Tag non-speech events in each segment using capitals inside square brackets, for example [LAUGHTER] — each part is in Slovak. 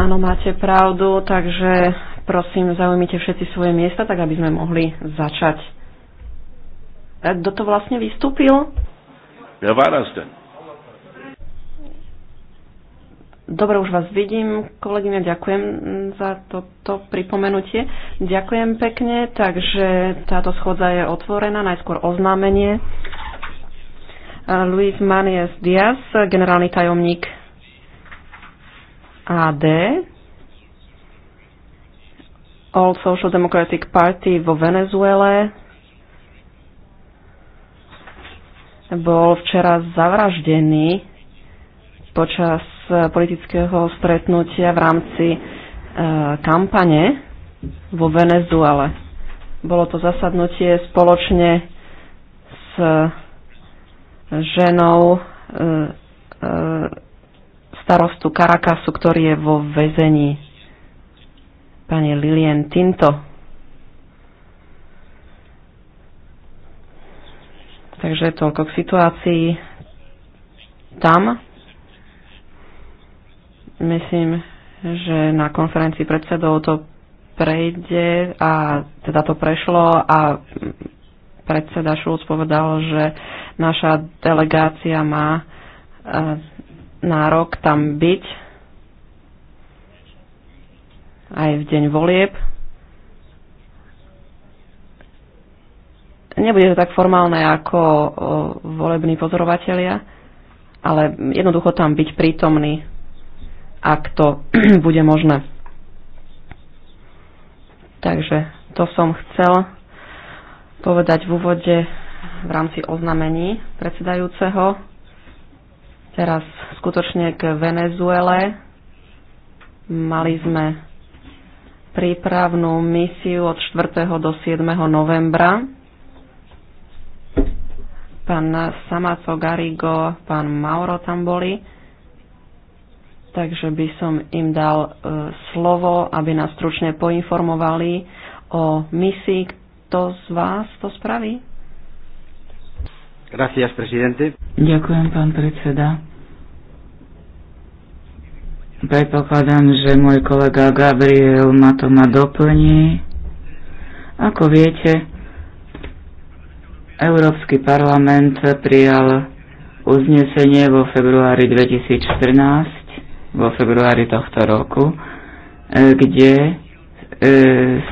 Áno, máte pravdu, takže prosím, zaujmite všetci svoje miesta, tak aby sme mohli začať. E, kto to vlastne vystúpil? Ja Varasten. Dobre, už vás vidím, kolegyňa, ďakujem za toto pripomenutie. Ďakujem pekne, takže táto schodza je otvorená, najskôr oznámenie. Luis Manies Diaz, generálny tajomník AD, All Social Democratic Party vo Venezuele, bol včera zavraždený počas eh, politického stretnutia v rámci eh, kampane vo Venezuele. Bolo to zasadnutie spoločne s ženou e, e, starostu Karakasu, ktorý je vo väzení. Pani Lilien Tinto. Takže toľko k situácii tam. Myslím, že na konferencii predsedov to prejde a teda to prešlo a predseda Šulc povedal, že naša delegácia má e, nárok tam byť aj v deň volieb. Nebude to tak formálne ako e, volební pozorovatelia, ale jednoducho tam byť prítomný, ak to [CLEARS THROAT] bude možné. Takže to som chcel povedať v úvode v rámci oznamení predsedajúceho. Teraz skutočne k Venezuele. Mali sme prípravnú misiu od 4. do 7. novembra. Pán Samaco Garigo, pán Mauro tam boli. Takže by som im dal e, slovo, aby nás stručne poinformovali o misii, kto z vás to spraví? Gracias, presidente. Ďakujem, pán predseda. Predpokladám, že môj kolega Gabriel ma to ma doplní. Ako viete, Európsky parlament prijal uznesenie vo februári 2014, vo februári tohto roku, eh, kde E,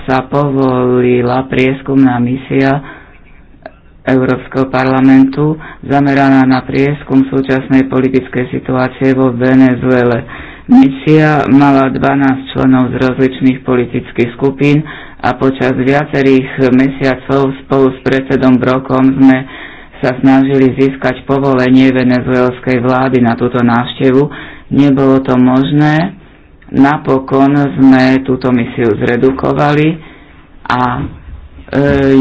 sa povolila prieskumná misia Európskeho parlamentu zameraná na prieskum súčasnej politickej situácie vo Venezuele. Misia mala 12 členov z rozličných politických skupín a počas viacerých mesiacov spolu s predsedom Brokom sme sa snažili získať povolenie venezuelskej vlády na túto návštevu. Nebolo to možné, Napokon sme túto misiu zredukovali a e,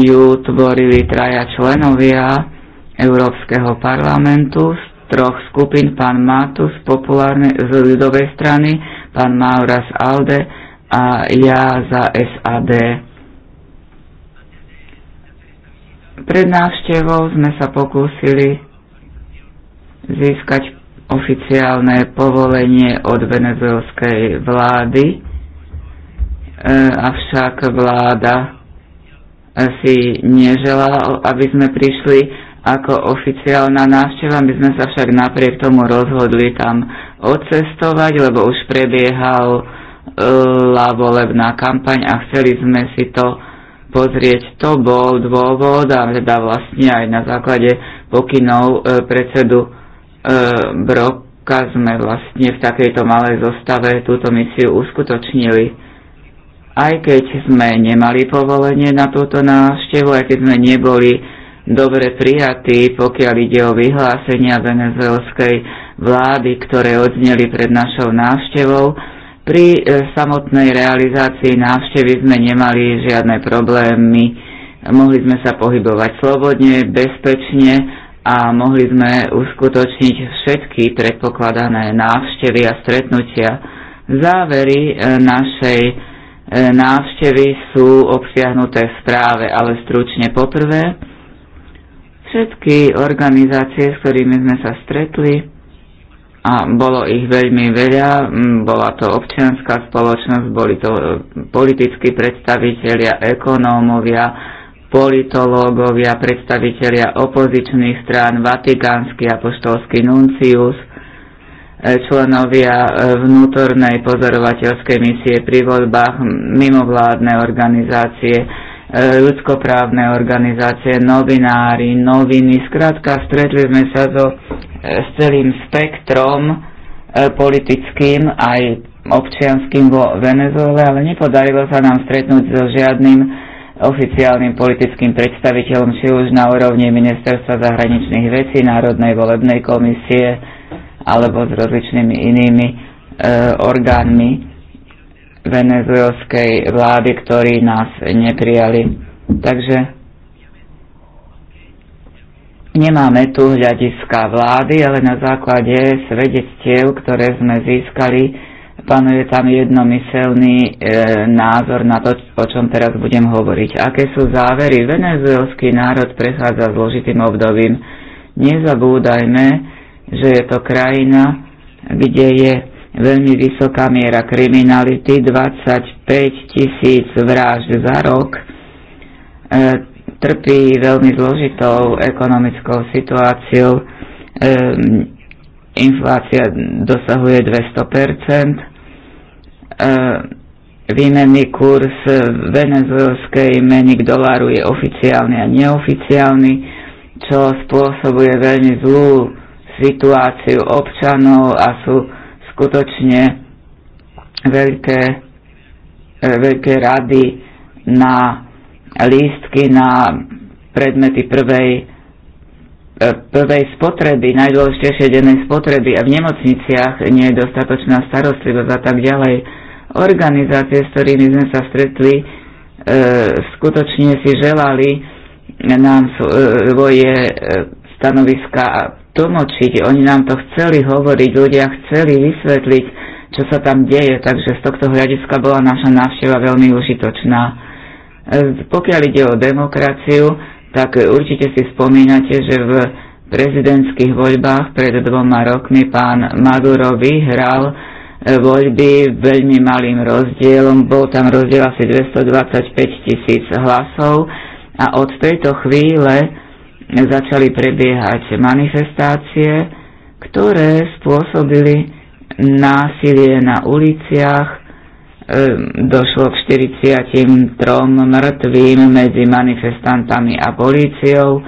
ju tvorili traja členovia Európskeho parlamentu z troch skupín, pán Matus populárne, z ľudovej strany, pán Mauras Alde a ja za SAD. Pred návštevou sme sa pokúsili získať oficiálne povolenie od venezuelskej vlády, e, avšak vláda e, si neželá, aby sme prišli ako oficiálna návšteva. My sme sa však napriek tomu rozhodli tam odcestovať, lebo už prebiehala e, volebná kampaň a chceli sme si to pozrieť. To bol dôvod a teda vlastne aj na základe pokynov predsedu E, Broka sme vlastne v takejto malej zostave túto misiu uskutočnili. Aj keď sme nemali povolenie na túto návštevu, aj keď sme neboli dobre prijatí, pokiaľ ide o vyhlásenia venezuelskej vlády, ktoré odzneli pred našou návštevou, pri e, samotnej realizácii návštevy sme nemali žiadne problémy mohli sme sa pohybovať slobodne, bezpečne a mohli sme uskutočniť všetky predpokladané návštevy a stretnutia. Závery e, našej e, návštevy sú obsiahnuté v správe, ale stručne poprvé. Všetky organizácie, s ktorými sme sa stretli, a bolo ich veľmi veľa, bola to občianská spoločnosť, boli to e, politickí predstavitelia, ekonómovia, politológovia, predstavitelia opozičných strán, vatikánsky apoštolský nuncius, e, členovia e, vnútornej pozorovateľskej misie pri voľbách, mimovládne organizácie, e, ľudskoprávne organizácie, novinári, noviny. Skrátka, stretli sme sa so, s celým spektrom politickým aj občianským vo Venezuele, ale nepodarilo sa nám stretnúť so žiadnym oficiálnym politickým predstaviteľom, či už na úrovni Ministerstva zahraničných vecí, Národnej volebnej komisie alebo s rozličnými inými e, orgánmi venezuelskej vlády, ktorí nás neprijali. Takže nemáme tu hľadiska vlády, ale na základe svedectiev, ktoré sme získali, panuje tam jednomyselný e, názor na to, o čom teraz budem hovoriť. Aké sú závery? Venezuelský národ prechádza zložitým obdobím. Nezabúdajme, že je to krajina, kde je veľmi vysoká miera kriminality, 25 tisíc vražd za rok. E, trpí veľmi zložitou ekonomickou situáciou. E, inflácia dosahuje 200 E, výmenný kurz venezuelskej meny k doláru je oficiálny a neoficiálny, čo spôsobuje veľmi zlú situáciu občanov a sú skutočne veľké, e, veľké rady na lístky, na predmety prvej, e, prvej spotreby, najdôležitejšie dennej spotreby a v nemocniciach nie je dostatočná starostlivosť a tak ďalej Organizácie, s ktorými sme sa stretli, e, skutočne si želali nám e, svoje e, stanoviska tlmočiť. Oni nám to chceli hovoriť, ľudia chceli vysvetliť, čo sa tam deje, takže z tohto hľadiska bola naša návšteva veľmi užitočná. E, pokiaľ ide o demokraciu, tak určite si spomínate, že v prezidentských voľbách pred dvoma rokmi pán Maduro vyhral E, voľby veľmi malým rozdielom. Bol tam rozdiel asi 225 tisíc hlasov a od tejto chvíle začali prebiehať manifestácie, ktoré spôsobili násilie na uliciach, e, došlo k 43 mŕtvým medzi manifestantami a políciou,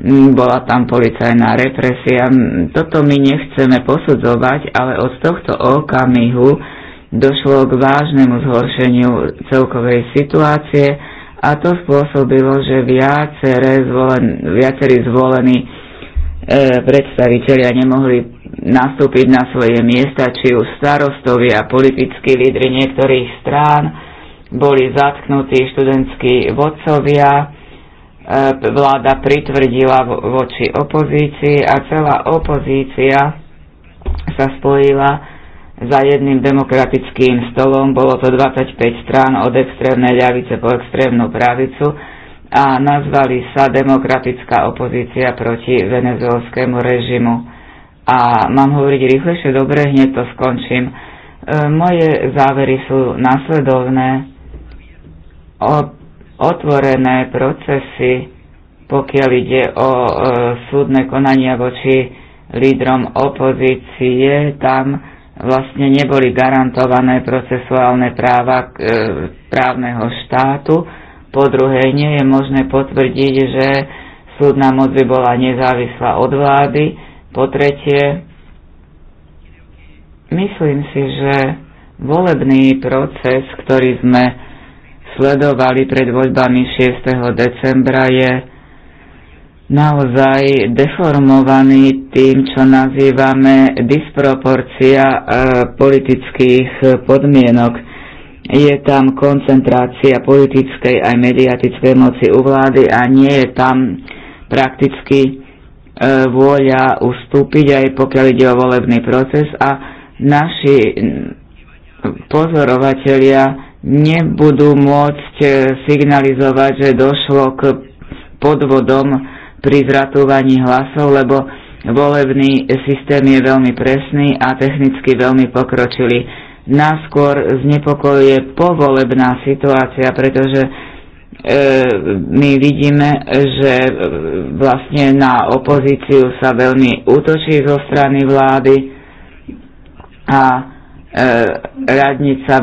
Mm, bola tam policajná represia. Mm, toto my nechceme posudzovať, ale od tohto okamihu došlo k vážnemu zhoršeniu celkovej situácie a to spôsobilo, že zvolen, viacerí zvolení e, predstavitelia nemohli nastúpiť na svoje miesta, či už starostovi a politickí lídry niektorých strán, boli zatknutí študentskí vodcovia, E, vláda pritvrdila voči opozícii a celá opozícia sa spojila za jedným demokratickým stolom. Bolo to 25 strán od extrémnej ľavice po extrémnu pravicu a nazvali sa demokratická opozícia proti venezuelskému režimu. A mám hovoriť rýchlejšie, dobre, hneď to skončím. E, moje závery sú nasledovné otvorené procesy, pokiaľ ide o e, súdne konania voči lídrom opozície, tam vlastne neboli garantované procesuálne práva e, právneho štátu. Po druhé, nie je možné potvrdiť, že súdna moc by bola nezávislá od vlády. Po tretie, myslím si, že volebný proces, ktorý sme sledovali pred voľbami 6. decembra, je naozaj deformovaný tým, čo nazývame disproporcia e, politických podmienok. Je tam koncentrácia politickej aj mediatickej moci u vlády a nie je tam prakticky e, vôľa ustúpiť, aj pokiaľ ide o volebný proces a naši pozorovatelia nebudú môcť e, signalizovať, že došlo k podvodom pri zratúvaní hlasov, lebo volebný systém je veľmi presný a technicky veľmi pokročilý. Náskôr znepokojuje povolebná situácia, pretože e, my vidíme, že e, vlastne na opozíciu sa veľmi útočí zo strany vlády a E, radnica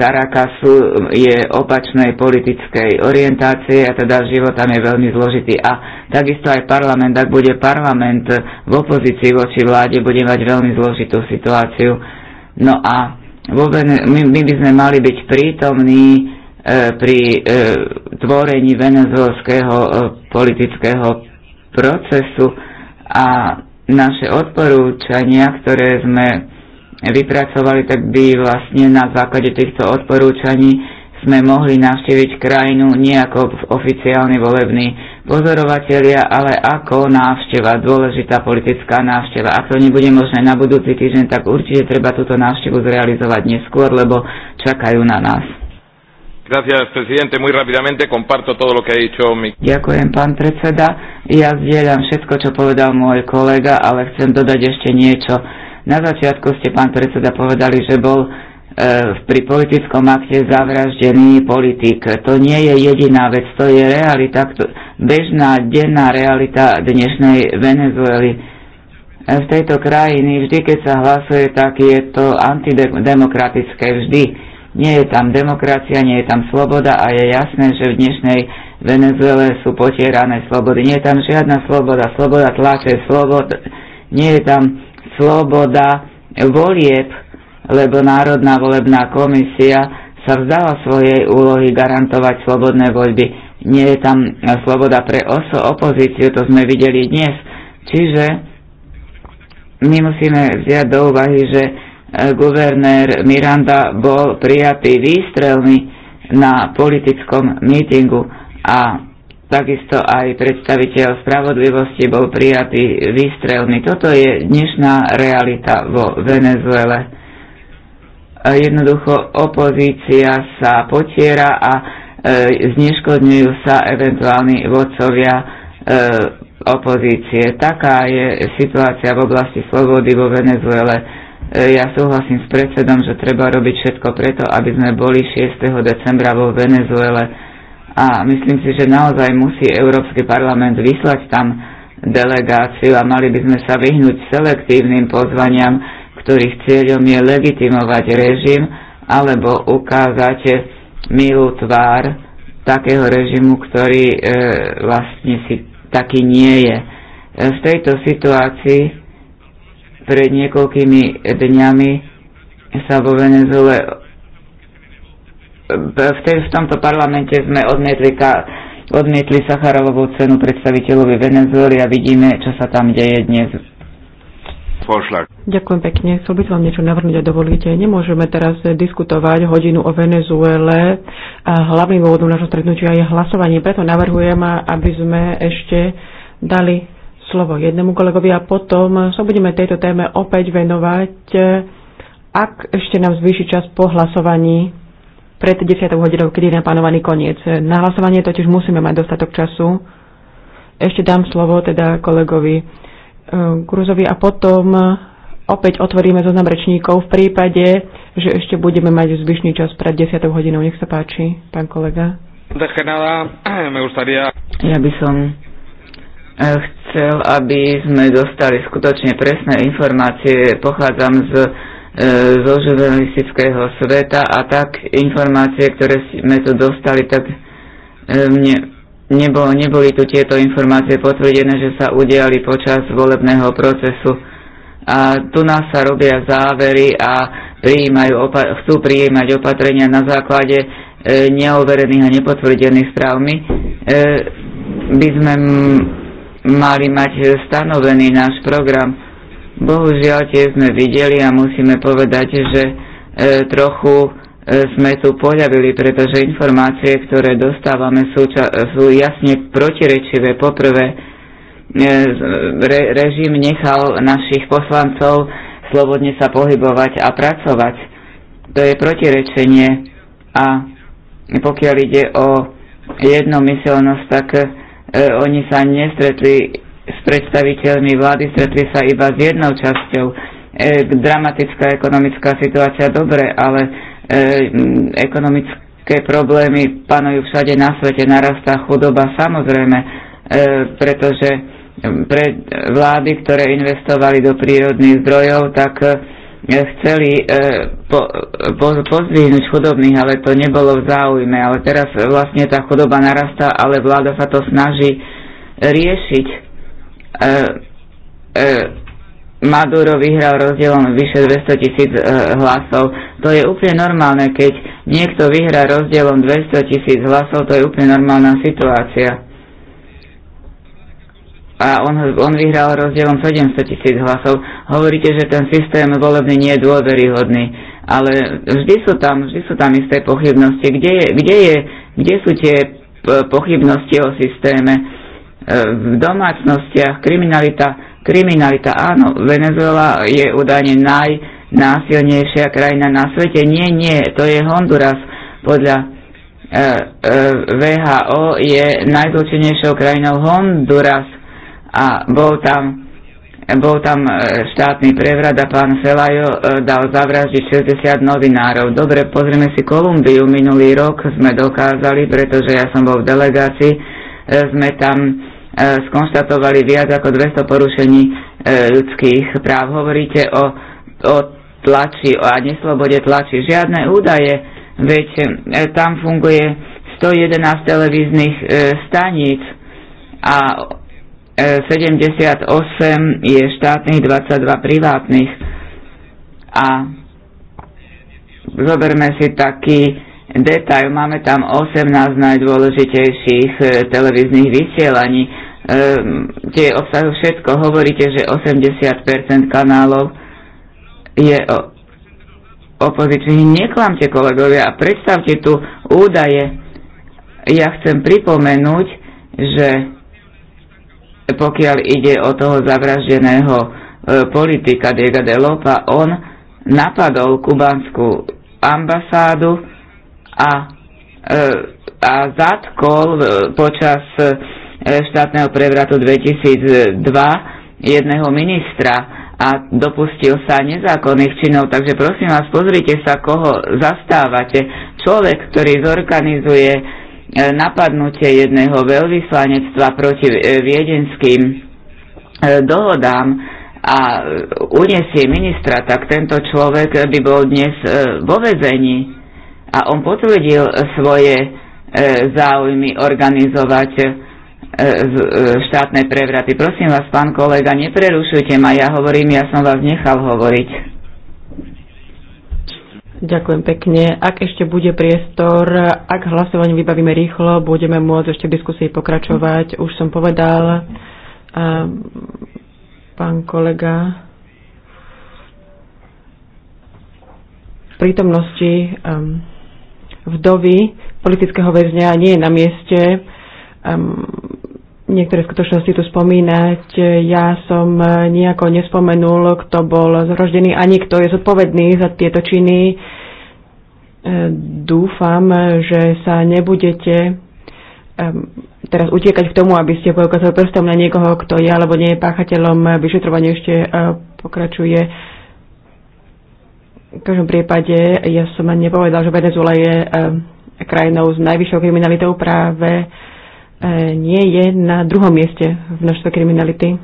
Karakasu e, je opačnej politickej orientácie a teda život tam je veľmi zložitý. A takisto aj parlament, ak bude parlament v opozícii voči vláde, bude mať veľmi zložitú situáciu. No a my, my by sme mali byť prítomní e, pri tvorení venezuelského politického procesu a naše odporúčania, ktoré sme vypracovali, tak by vlastne na základe týchto odporúčaní sme mohli navštíviť krajinu nie ako oficiálni volební pozorovatelia, ale ako návšteva, dôležitá politická návšteva. Ak to nebude možné na budúci týždeň, tak určite treba túto návštevu zrealizovať neskôr, lebo čakajú na nás. Gracias, presidente. Muy rápidamente comparto todo lo que ha dicho mi... Ďakujem, pán predseda. Ja zdieľam všetko, čo povedal môj kolega, ale chcem dodať ešte niečo na začiatku ste, pán predseda, povedali, že bol e, pri politickom akte zavraždený politik. To nie je jediná vec, to je realita, bežná denná realita dnešnej Venezuely. E, v tejto krajiny vždy, keď sa hlasuje, tak je to antidemokratické, vždy. Nie je tam demokracia, nie je tam sloboda a je jasné, že v dnešnej Venezuele sú potierané slobody. Nie je tam žiadna sloboda, sloboda tlače, slobod, nie je tam sloboda volieb, lebo Národná volebná komisia sa vzdala svojej úlohy garantovať slobodné voľby. Nie je tam sloboda pre oso opozíciu, to sme videli dnes. Čiže my musíme vziať do úvahy, že e, guvernér Miranda bol prijatý výstrelmi na politickom mítingu a Takisto aj predstaviteľ spravodlivosti bol prijatý výstrelmi. Toto je dnešná realita vo Venezuele. Jednoducho opozícia sa potiera a e, zneškodňujú sa eventuálni vodcovia e, opozície. Taká je situácia v oblasti slobody vo Venezuele. E, ja súhlasím s predsedom, že treba robiť všetko preto, aby sme boli 6. decembra vo Venezuele a myslím si, že naozaj musí Európsky parlament vyslať tam delegáciu a mali by sme sa vyhnúť selektívnym pozvaniam, ktorých cieľom je legitimovať režim alebo ukázať milú tvár takého režimu, ktorý e, vlastne si taký nie je. E, v tejto situácii pred niekoľkými dňami sa vo Venezuele v, tej, v tomto parlamente sme odmietli, ka, odmietli Sacharovovú cenu predstaviteľovi Venezuely a vidíme, čo sa tam deje dnes. Pošľak. Ďakujem pekne. Chcel by som vám niečo navrhnúť a dovolíte. Nemôžeme teraz eh, diskutovať hodinu o Venezuele. A hlavným dôvodom nášho stretnutia je hlasovanie. Preto navrhujem, aby sme ešte dali slovo jednému kolegovi a potom sa budeme tejto téme opäť venovať, eh, ak ešte nám zvýši čas po hlasovaní pred 10 hodinou, kedy je naplánovaný koniec. Na hlasovanie totiž musíme mať dostatok času. Ešte dám slovo teda kolegovi eh, Kruzovi a potom opäť otvoríme zoznam rečníkov v prípade, že ešte budeme mať zvyšný čas pred 10 hodinou. Nech sa páči, pán kolega. [CLEARS THROAT] Ja by som eh, chcel, aby sme dostali skutočne presné informácie. Pochádzam z E, zo žurnalistického sveta a tak informácie, ktoré sme tu dostali, tak e, mne, nebo, neboli tu tieto informácie potvrdené, že sa udiali počas volebného procesu. A tu nás sa robia závery a prijímajú chcú prijímať opatrenia na základe e, neoverených a nepotvrdených správ. My e, by sme mali mať stanovený náš program Bohužiaľ tie sme videli a musíme povedať, že e, trochu e, sme tu poľavili, pretože informácie, ktoré dostávame, sú, ča, sú jasne protirečivé. Poprvé, e, re, režim nechal našich poslancov slobodne sa pohybovať a pracovať. To je protirečenie a pokiaľ ide o jednomyselnosť, tak e, oni sa nestretli s predstaviteľmi vlády, stretli sa iba s jednou časťou. E, dramatická ekonomická situácia, dobre, ale e, ekonomické problémy panujú všade na svete, narastá chudoba samozrejme, e, pretože pre vlády, ktoré investovali do prírodných zdrojov, tak e, chceli e, po, po, pozdvihnúť chudobných, ale to nebolo v záujme. Ale teraz vlastne tá chudoba narastá, ale vláda sa to snaží riešiť E, e, Maduro vyhral rozdielom vyše 200 tisíc e, hlasov. To je úplne normálne, keď niekto vyhrá rozdielom 200 tisíc hlasov, to je úplne normálna situácia. A on, on vyhral rozdielom 700 tisíc hlasov. Hovoríte, že ten systém volebný nie je dôveryhodný, ale vždy sú tam, vždy sú tam isté pochybnosti. Kde, je, kde, je, kde sú tie e, pochybnosti o systéme? E, v domácnostiach, kriminalita, kriminalita, áno, Venezuela je údajne najnásilnejšia krajina na svete. Nie, nie, to je Honduras. Podľa e, e, VHO je najzlučenejšou krajinou Honduras a bol tam bol tam štátny prevrat a pán Felajo dal zavraždiť 60 novinárov. Dobre, pozrieme si Kolumbiu. Minulý rok sme dokázali, pretože ja som bol v delegácii, sme tam E, skonštatovali viac ako 200 porušení e, ľudských práv. Hovoríte o, o tlači a neslobode tlači. Žiadne údaje, veď e, tam funguje 111 televíznych staníc a 78 je štátnych, 22 privátnych. A zoberme si taký detail. Máme tam 18 najdôležitejších televíznych vysielaní Ehm, tie obsahy všetko. Hovoríte, že 80% kanálov je o opozičných. Neklamte, kolegovia, a predstavte tu údaje. Ja chcem pripomenúť, že pokiaľ ide o toho zavraždeného e, politika Diego de Lopa, on napadol kubanskú ambasádu a, e, a zatkol e, počas e, štátneho prevratu 2002 jedného ministra a dopustil sa nezákonných činov. Takže prosím vás, pozrite sa, koho zastávate. Človek, ktorý zorganizuje e, napadnutie jedného veľvyslanectva proti e, viedenským e, dohodám a uniesie ministra, tak tento človek by bol dnes vo vezení. A on potvrdil svoje záujmy organizovať E, e, štátne prevraty. Prosím vás, pán kolega, neprerušujte ma, ja hovorím, ja som vás nechal hovoriť. Ďakujem pekne. Ak ešte bude priestor, ak hlasovanie vybavíme rýchlo, budeme môcť ešte v diskusii pokračovať. Už som povedal, e, pán kolega, v prítomnosti vdovy politického väzňa nie je na mieste niektoré skutočnosti tu spomínať. Ja som nejako nespomenul, kto bol zroždený ani kto je zodpovedný za tieto činy. E, dúfam, že sa nebudete teraz utiekať k tomu, aby ste poukázali prstom na niekoho, kto je alebo nie je páchateľom. Vyšetrovanie ešte e, pokračuje. V každom prípade ja som nepovedal, že Venezuela je e, krajinou s najvyššou kriminalitou práve E, nie je na druhom mieste v množstve kriminality.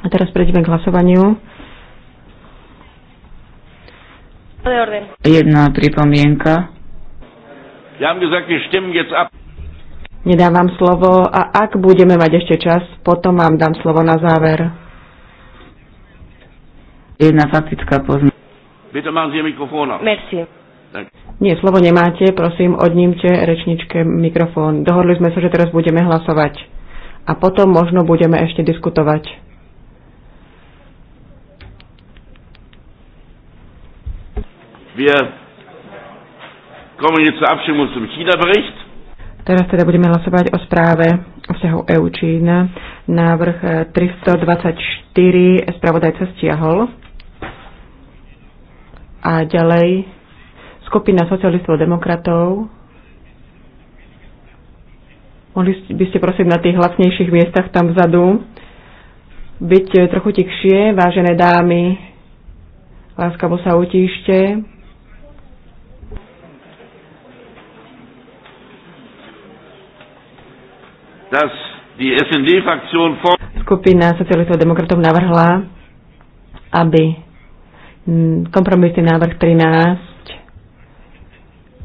A teraz prejdeme k hlasovaniu. Jedna pripomienka. Nedávam slovo a ak budeme mať ešte čas, potom vám dám slovo na záver. Jedna faktická poznámka. Bitte machen Sie Mikrofon Merci. Danke. Nie, slovo nemáte, prosím, odnímte rečničke mikrofón. Dohodli sme sa, že teraz budeme hlasovať. A potom možno budeme ešte diskutovať. Wir kommen jetzt zur Abstimmung zum China-Bericht. Teraz teda budeme hlasovať o správe o vzťahu EU Čína. Návrh 324 eh, spravodajca stiahol. A ďalej skupina socialistov a demokratov. Mohli by ste prosiť na tých hlasnejších miestach tam vzadu byť trochu tichšie, vážené dámy. Láskavo sa utíšte. dass die SND-Fraktion vor Skupina socialistov a demokratov navrhla, aby kompromisný návrh 13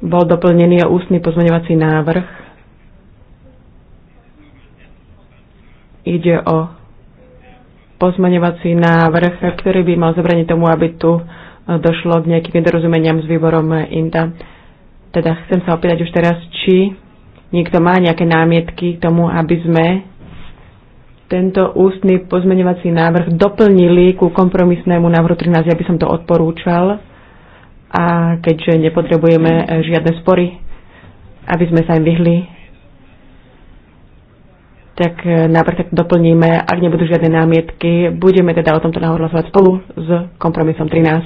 bol doplnený o ústny pozmeňovací návrh. Ide o pozmeňovací návrh, ktorý by mal zabraniť tomu, aby tu e, došlo k nejakým nedorozumeniam s výborom INTA. Teda chcem sa opýtať už teraz, či niekto má nejaké námietky k tomu, aby sme tento ústny pozmeňovací návrh doplnili ku kompromisnému návrhu 13. Ja by som to odporúčal a keďže nepotrebujeme e, žiadne spory, aby sme sa im vyhli, tak e, návrh tak doplníme, ak nebudú žiadne námietky, budeme teda o tomto návrhu hlasovať spolu s kompromisom 13.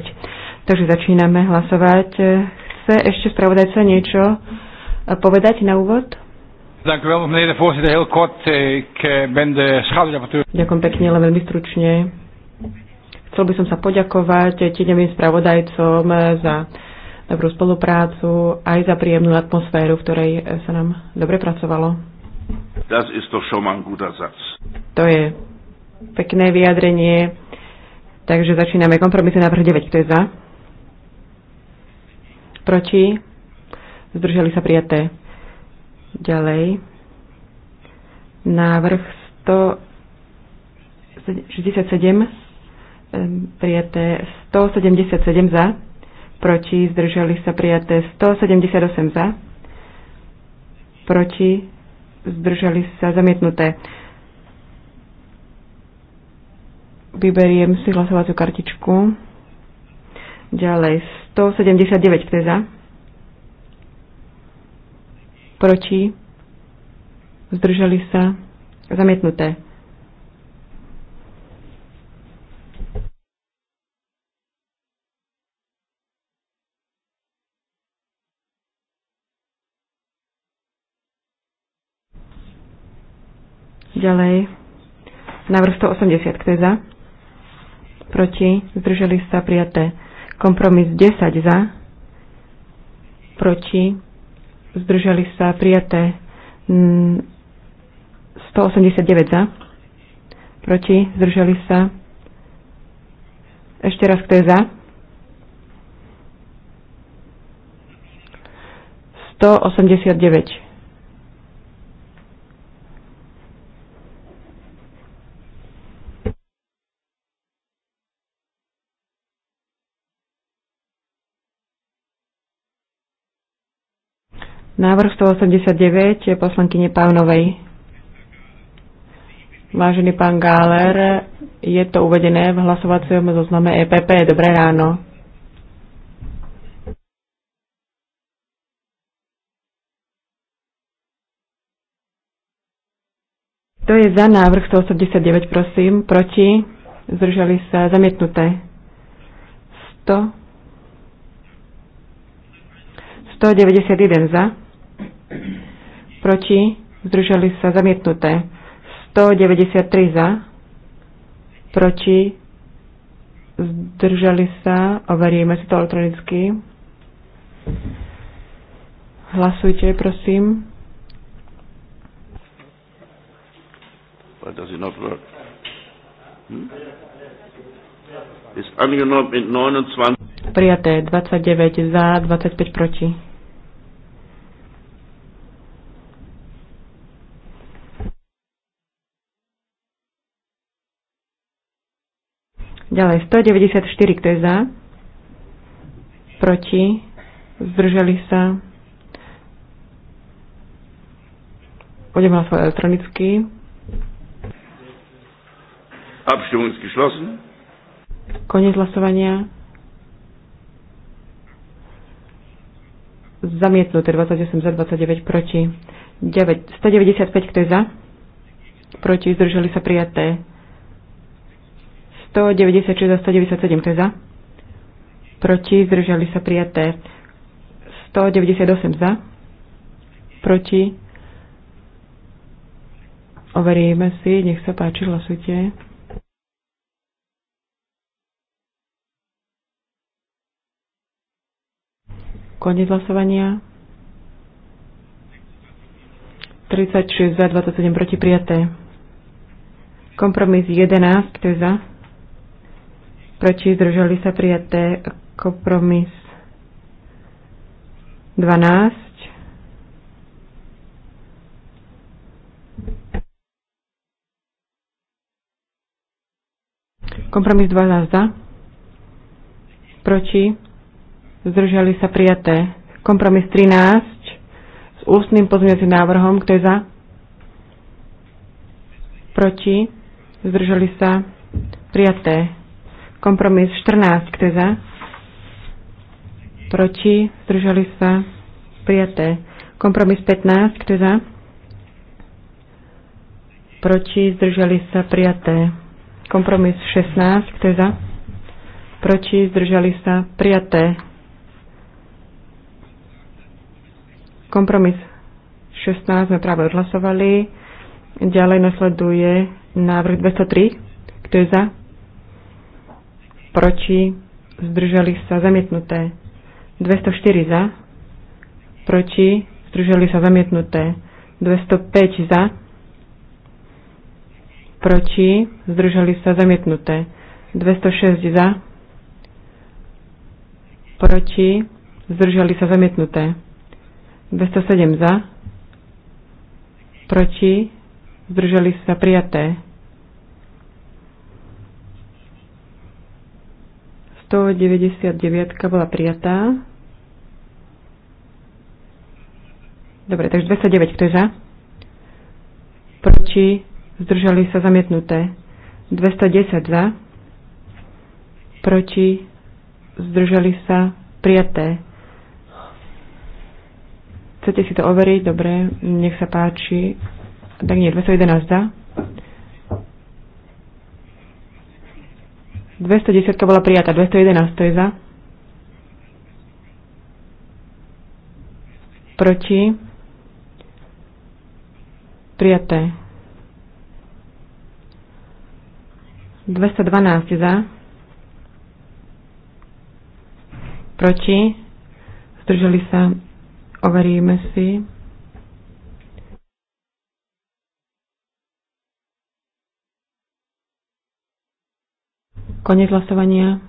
Takže začíname hlasovať. E, chce ešte spravodajca niečo povedať na úvod? Eh, Ďakujem pekne, ale veľmi stručne. Chcel by som sa poďakovať tieňovým spravodajcom za dobrú spoluprácu, aj za príjemnú atmosféru, v ktorej sa nám dobre pracovalo. Das ist doch schon mal ein guter Satz. To je pekné vyjadrenie. Takže začíname kompromisy návrh 9. Kto je za? Proti? Zdržali sa prijaté. Ďalej. Návrh 167 prijaté 177 za, proti zdržali sa prijaté 178 za, proti zdržali sa zamietnuté. Vyberiem si hlasovaciu kartičku. Ďalej 179 kto je za, proti zdržali sa zamietnuté. Ďalej. Návrh 180. Kto je za? Proti. Zdržali sa prijaté. Kompromis 10 za. Proti. Zdržali sa prijaté. 189 mm, za. Proti. Zdržali sa. Ešte raz, kto je za? 189. Návrh 189 poslankyne Pánovej. Vážený pán Gáler, je to uvedené v hlasovacom zozname EPP. Dobré ráno. To je za návrh 189, prosím? Proti? Zdržali sa? Zamietnuté. 100. 191 za proti, zdržali sa zamietnuté. 193 za, proti, zdržali sa, overíme si to elektronicky. Hlasujte, prosím. Why does it not work? Hm? 29. Prijaté 29 za, 25 proti. Ďalej 194, kto je za? Proti? Zdržali sa? Budem hlasovať elektronicky. Abstimmung ist geschlossen. Konec hlasovania. Zamietnuté 28 za 29 proti. 9, 195 kto je za? Proti zdržali sa prijaté. 196 a 197, to je za. Proti, zdržali sa prijaté 198 za. Proti. Overíme si, nech sa páči, hlasujte. Konec hlasovania. 36 za, 27 proti prijaté. Kompromis 11, kto je za? proti, zdržali sa prijaté kompromis 12. Kompromis 12 za. Proti. Zdržali sa prijaté. Kompromis 13 s ústnym pozmiacím návrhom. Kto je za? Proti. Zdržali sa prijaté. Kompromis 14, kto je za? Proti, zdržali sa, prijaté. Kompromis 15, kto je za? Proti, zdržali sa, prijaté. Kompromis 16, kto je za? Proti, zdržali sa, prijaté. Kompromis 16 sme práve odhlasovali. Ďalej nasleduje návrh 203. Kto je za? proti, zdržali sa zamietnuté. 204 za, proti, zdržali sa zamietnuté. 205 za, proti, zdržali sa zamietnuté. 206 za, proti, zdržali sa zamietnuté. 207 za, proti, zdržali sa prijaté. 199 bola prijatá. Dobre, takže 209, kto je za? Proti, zdržali sa zamietnuté. 210 za, proti, zdržali sa prijaté. Chcete si to overiť? Dobre, nech sa páči. Tak nie, 211 za, 210 bola prijatá. 211, to je za. Proti. Prijaté. 212 za. Proti. Zdržali sa. Overíme si. Konec hlasovania.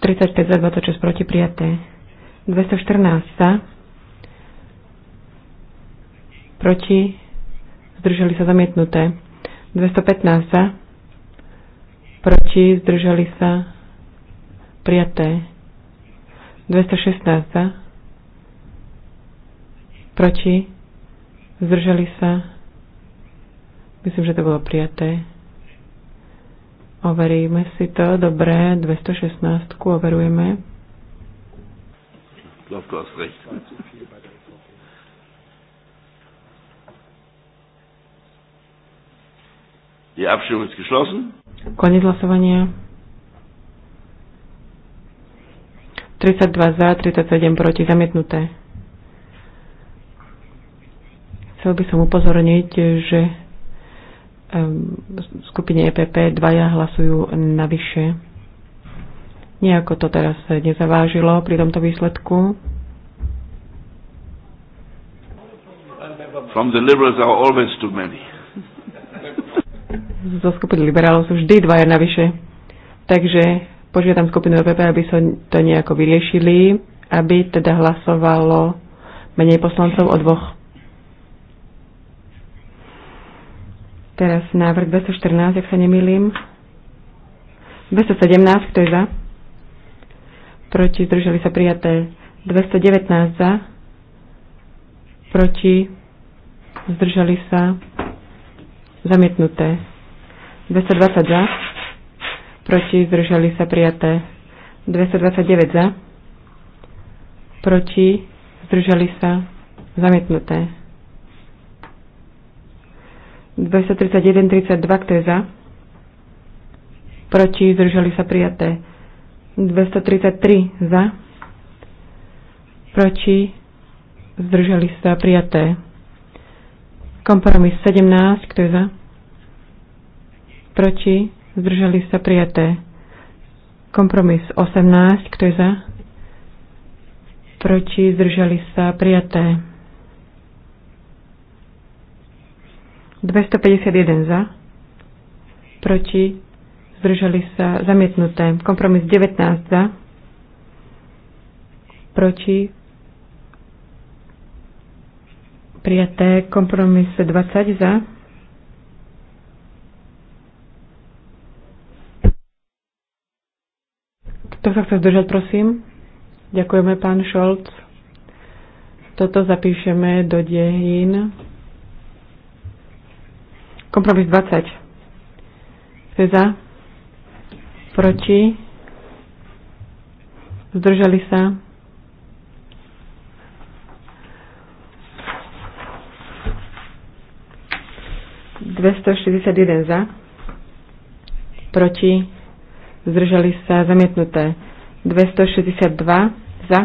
35 za 26 proti prijaté. 214 za. Proti. Zdržali sa zamietnuté. 215 za. Proti. Zdržali sa prijaté. 216 za. Proti. Zdržali sa. Myslím, že to bolo prijaté. Overíme si to. Dobre, 216 overujeme. Glaub, du Die Abstimmung ist geschlossen. Konec hlasovania. 32 za, 37 proti, zamietnuté. Chcel by som upozorniť, že v ehm, skupine EPP dvaja hlasujú navyše. Nejako to teraz nezavážilo pri tomto výsledku. From the liberals are always too many. [LAUGHS] Zo skupiny liberálov sú vždy dvaja navyše. Takže požiadam skupinu EPP, aby sa to nejako vyriešili, aby teda hlasovalo menej poslancov o dvoch. Teraz návrh 214, ak sa nemýlim. 217, kto je za? Proti, zdržali sa prijaté. 219 za. Proti, zdržali sa. Zamietnuté. 220 za. Proti, zdržali sa prijaté. 229 za. Proti, zdržali sa. Zamietnuté. 231-32, kto je za? Proti, zdržali sa prijaté. 233 za. Proti, zdržali sa prijaté. Kompromis 17, kto je za? Proti, zdržali sa prijaté. Kompromis 18, kto je za? Proti, zdržali sa prijaté. 251 za, proti, zdržali sa zamietnuté. Kompromis 19 za, proti, prijaté. Kompromis 20 za, Kto sa chce zdržať, prosím? Ďakujeme, pán Šolc. Toto zapíšeme do dejín. Kompromis 20. Kto je za? Proti? Zdržali sa? Dvesto šesťdesiat jeden za. Proti? Zdržali sa zamietnuté. 262 za.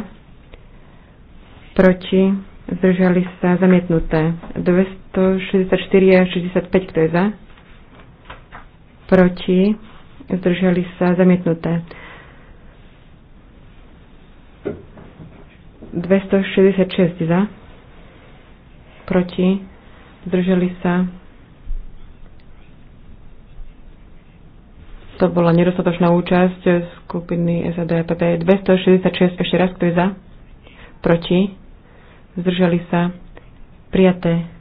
Proti? Zdržali sa zamietnuté. 200 164 a 65, kto je za? Proti? Zdržali sa zamietnuté. 266 za. Proti? Zdržali sa. To bola nedostatočná účasť skupiny SAD a PP. 266 ešte raz, kto je za? Proti? Zdržali sa. Prijaté.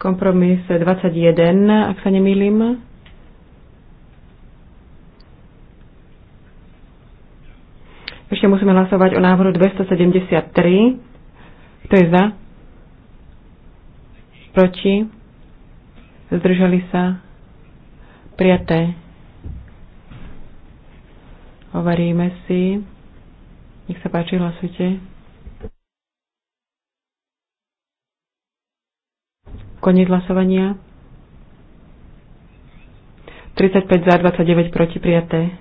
Kompromis 21, ak sa nemýlim. Ešte musíme hlasovať o návrhu 273. Kto je za? Proti? Zdržali sa? Prijaté. Hovoríme si. Nech sa páči, hlasujte. Koniec hlasovania. 35 za, 29 proti prijaté.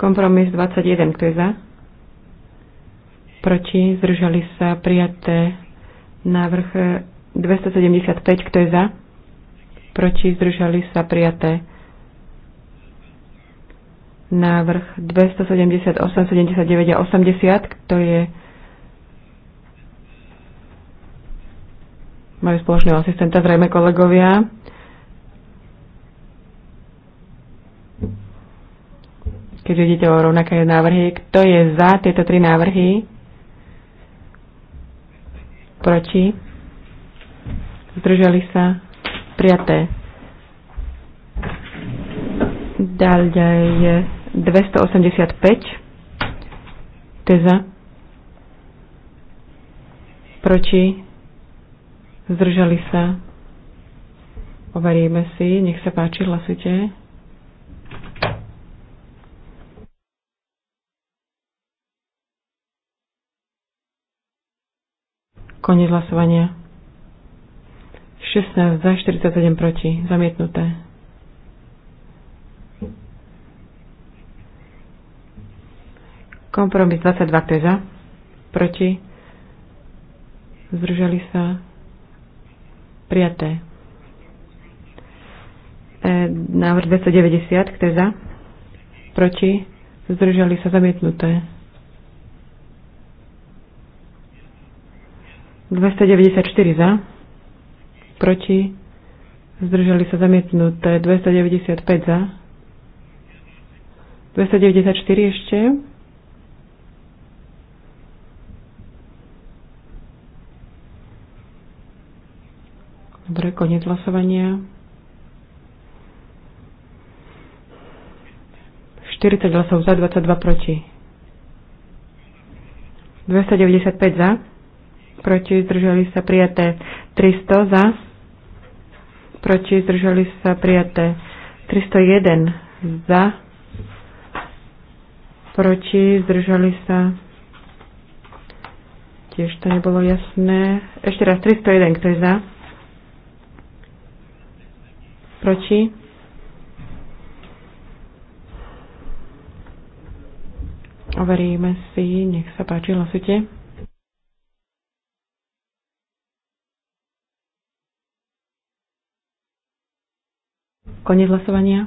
Kompromis 21, kto je za? Proti, zdržali sa prijaté. Návrh 275, kto je za? Proti, zdržali sa prijaté. Návrh 278, 79 a 80, kto je Majú spoločného asistenta, zrejme kolegovia. Keď vidíte o rovnaké návrhy, kto je za tieto tri návrhy? Proti? Zdržali sa? Prijaté. Ďalej je 285. Teza. Proti? Zdržali sa. Overíme si. Nech sa páči, hlasujte. Koniec hlasovania. 16 za, 47 proti. Zamietnuté. Kompromis 22 kto je za? Proti? Zdržali sa? Prijaté. E, návrh 290, kto je za? Proti? Zdržali sa zamietnuté. 294 za. Proti? Zdržali sa zamietnuté. 295 za. 294 ešte. Dobre, koniec hlasovania. 40 hlasov za, 22 proti. 295 za, proti zdržali sa prijaté 300 za, proti zdržali sa prijaté 301 za, proti zdržali sa tiež to nebolo jasné. Ešte raz 301, kto je za? Proti? Overíme si, nech sa páči, hlasujte. Koniec hlasovania.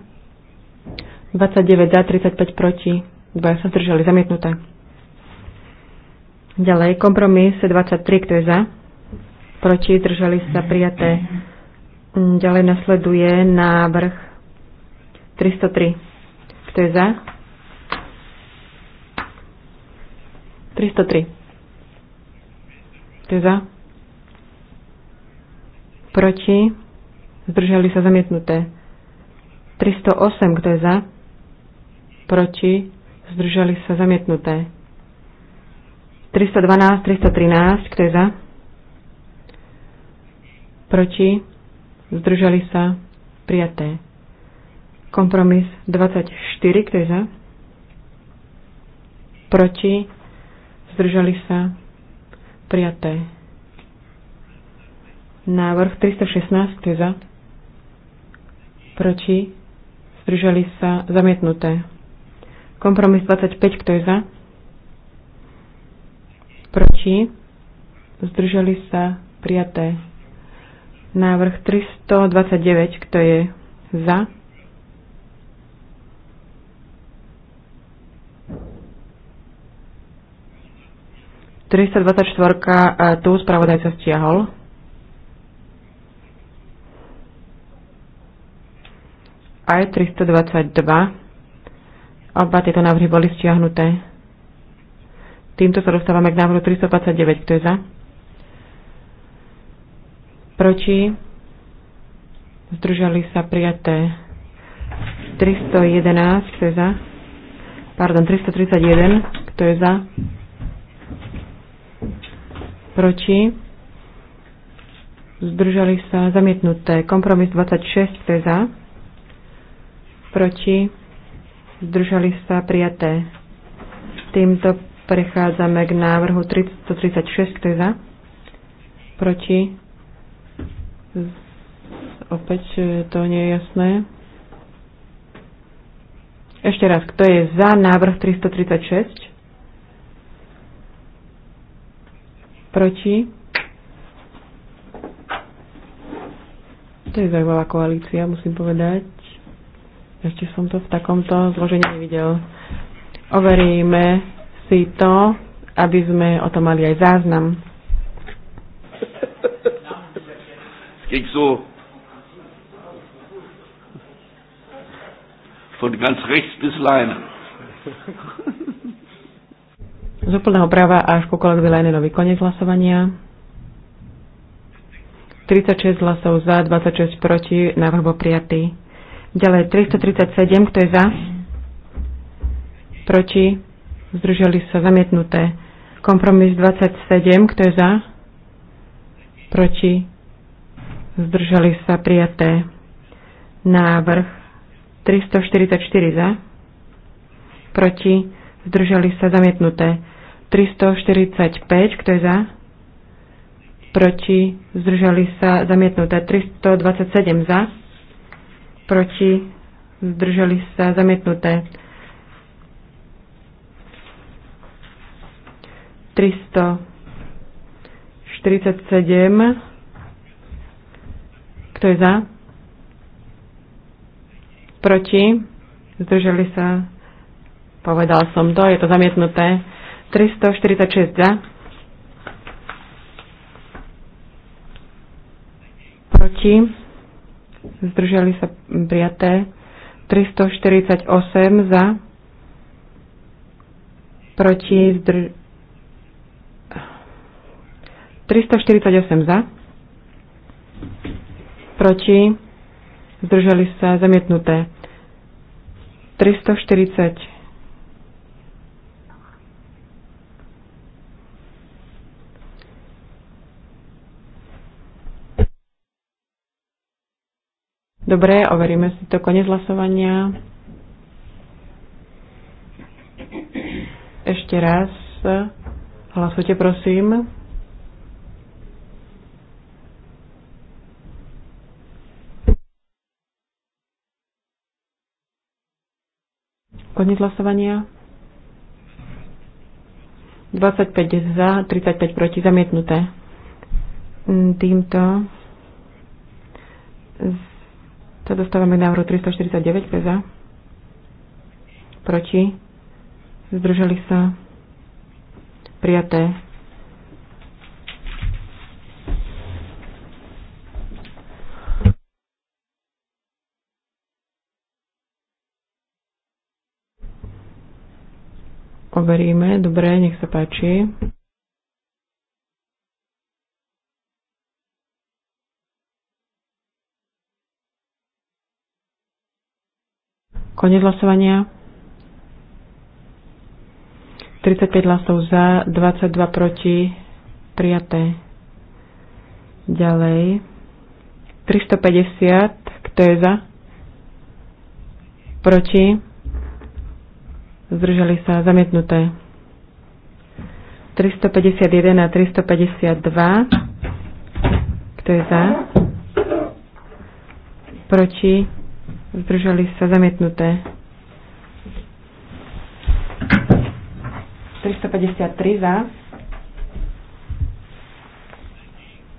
29 za, 35 proti. Dvaja sa zdržali. Zamietnuté. Ďalej, kompromis 23, kto je za? Proti, zdržali sa prijaté. Mm, ďalej nasleduje návrh 303. Kto je za? 303. Kto je za? Proti? Zdržali sa zamietnuté. 308. Kto je za? Proti? Zdržali sa zamietnuté. 312, 313. Kto je za? Proti? zdržali sa, prijaté. Kompromis 24, kto je za? Proti, zdržali sa, prijaté. Návrh 316, kto je za? Proti, zdržali sa, zamietnuté. Kompromis 25, kto je za? Proti, zdržali sa, prijaté. Návrh 329, kto je za? Tristodvadsaťštvorka, e, tu spravodajca stiahol. Aj 322. Oba tieto návrhy boli stiahnuté. Týmto sa dostávame k návrhu 329. Kto je za? Proti? Zdržali sa prijaté 311, kto je za? Pardon, 331, kto je za? Proti? Zdržali sa zamietnuté. Kompromis 26, kto je za? Proti? Zdržali sa prijaté. Týmto prechádzame k návrhu 336, kto je za? Proti? Opäť e, to nie je jasné. Ešte raz, kto je za návrh 336? Proti? To je zaujímavá koalícia, musím povedať. Ešte som to v takomto zložení nevidel. Overíme si to, aby sme o tom mali aj záznam. ging so von ganz rechts bis Leine. Z úplného práva až ku kolegovi Leinenovi koniec hlasovania. 36 hlasov za, 26 proti, návrh bol prijatý. Ďalej 337, kto je za? Proti? Zdržali sa zamietnuté. Kompromis 27, kto je za? Proti? zdržali sa prijaté. Návrh 344 za, proti, zdržali sa zamietnuté. 345, kto je za? Proti, zdržali sa zamietnuté. 327 za, proti, zdržali sa zamietnuté. 347 kto je za? Proti? Zdržali sa? Povedal som to, je to zamietnuté. 346 za. Proti? Zdržali sa prijaté. 348 za. Proti? Zdr- 348 za proti, zdržali sa zamietnuté. 340. Dobre, overíme si to konec hlasovania. Ešte raz. Hlasujte, prosím. Koniec hlasovania. 25 za, 35 proti, zamietnuté. Mm, týmto sa dostávame k návrhu 349 za. Proti. Zdržali sa. Prijaté. overíme. Dobre, nech sa páči. Konec hlasovania. 35 hlasov za, 22 proti, prijaté. Ďalej. 350, kto je za? Proti? zdržali sa zamietnuté. 351 a 352, kto je za, proti, zdržali sa zamietnuté. 353 za,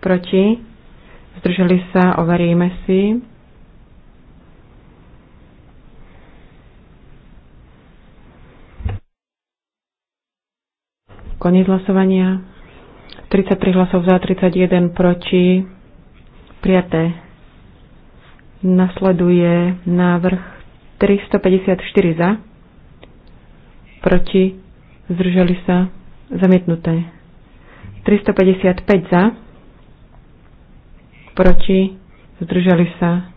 proti, zdržali sa, overíme si. Koniec hlasovania. 33 hlasov za, 31 proti. Prijaté. Nasleduje návrh 354 za, proti, zdržali sa, zamietnuté. 355 za, proti, zdržali sa,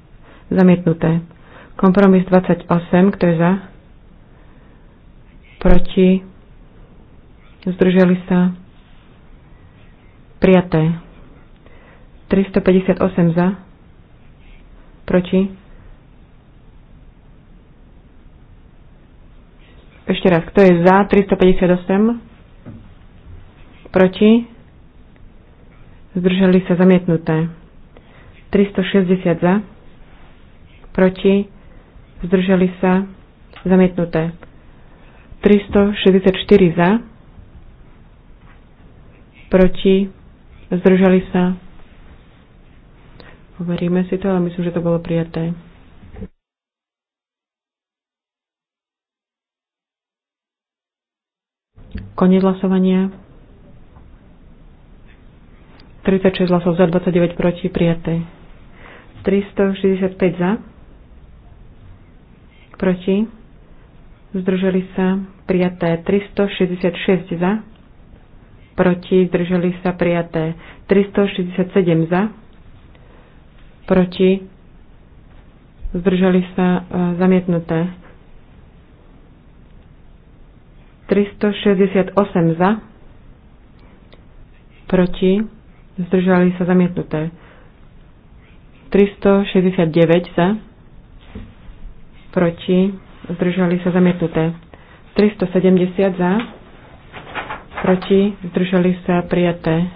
zamietnuté. Kompromis 28, kto je za, proti, zdržali sa, prijaté. 358 za, proti. Ešte raz, kto je za 358? Proti? Zdržali sa zamietnuté. 360 za. Proti? Zdržali sa zamietnuté. 364 za proti, zdržali sa. Overíme si to, ale myslím, že to bolo prijaté. Koniec hlasovania. 36 hlasov za, 29 proti, prijaté. 365 za, proti, zdržali sa, prijaté. 366 za, proti, zdržali sa prijaté 367 e, za, proti, zdržali sa zamietnuté 368 za, proti, zdržali sa zamietnuté 369 za, proti, zdržali sa zamietnuté 370 za, proti, zdržali sa prijaté.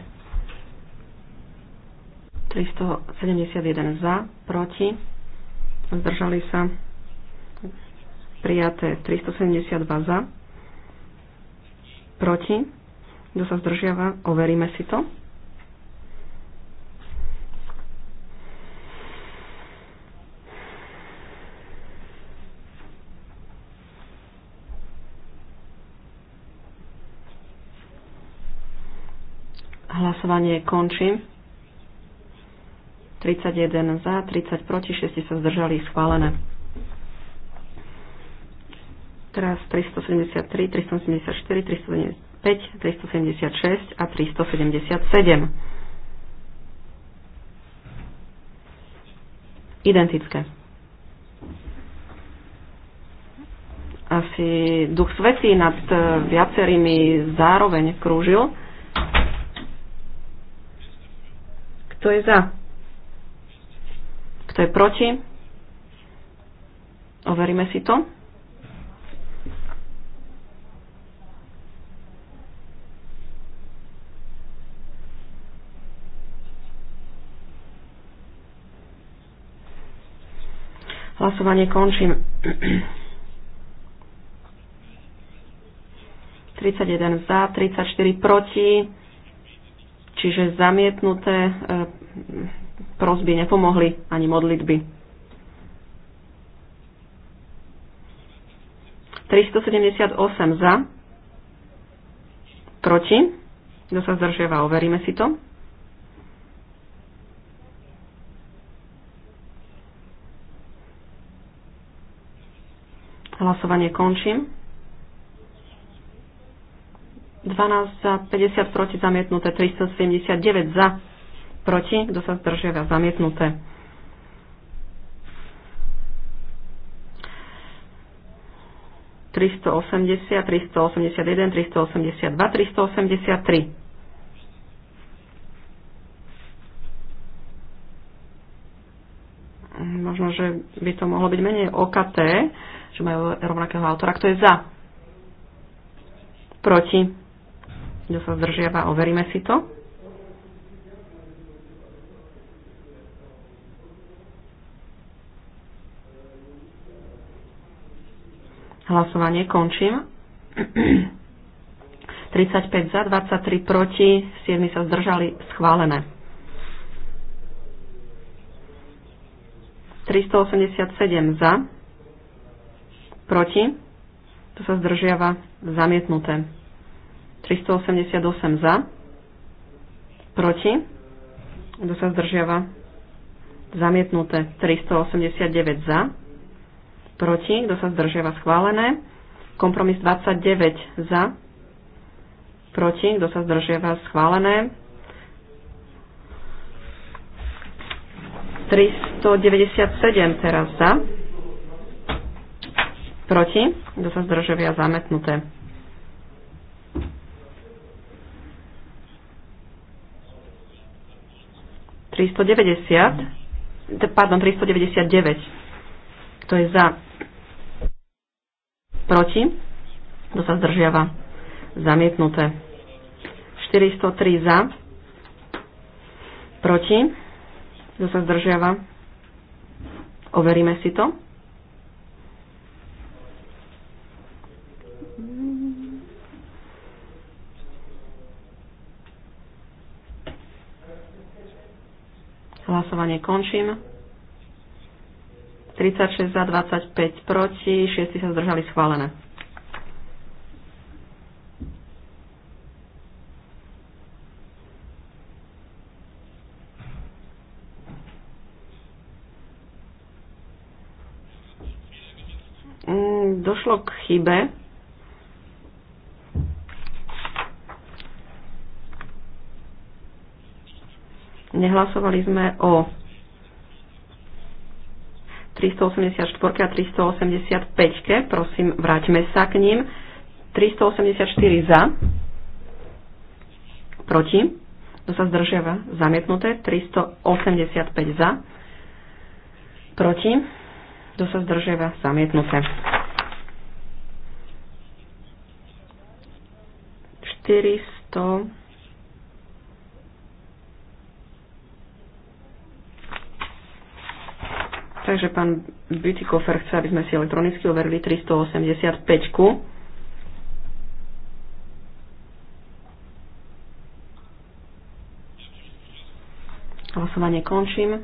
371 za, proti, zdržali sa prijaté 372 za, proti, kto sa zdržiava, overíme si to. Hlasovanie končím. 31 za, 30 proti, 6 sa zdržali schválené. Teraz 373, 374, 375, 376 a 377. Identické. Asi duch svetý nad eh, viacerými zároveň krúžil. Kto je za? Kto je proti? Overíme si to. Hlasovanie končím. 31 [CLEARS THROAT] za, 34 proti. Čiže zamietnuté e, prosby nepomohli ani modlitby. 378 za, proti, kto sa zdržiava, overíme si to. Hlasovanie končím. 12 za, 50 proti zamietnuté, 379 za, proti, kto sa zdržiava zamietnuté. 380, 381, 382, 383. Možno, že by to mohlo byť menej OKT, že majú rovnakého autora. Kto je za? Proti? kto sa zdržiava, overíme si to. Hlasovanie končím. 35 [CLEARS THROAT] za, 23 proti, 7 sa zdržali, schválené. 387 za, proti, to sa zdržiava, zamietnuté. 388 za. Proti. Kto sa zdržiava? Zamietnuté. 389 za. Proti. Kto sa zdržiava? Schválené. Kompromis 29 za. Proti. Kto sa zdržiava? Schválené. 397 teraz za. Proti. Kto sa zdržiava? Zametnuté. 390, pardon, 399. Kto je za? Proti? Kto sa zdržiava? Zamietnuté. 403 za. Proti? Kto sa zdržiava? Overíme si to. Hlasovanie končím. 36 za 25 proti, 6 sa zdržali schválené. Mm, došlo k chybe. Nehlasovali sme o 384 a 385. Prosím, vráťme sa k ním. 384 za. Proti. To sa zdržiava? Zamietnuté. 385 za. Proti. To sa zdržiava? Zamietnuté. 400 Takže pán Koffer chce, aby sme si elektronicky overili 385. -ku. Hlasovanie končím.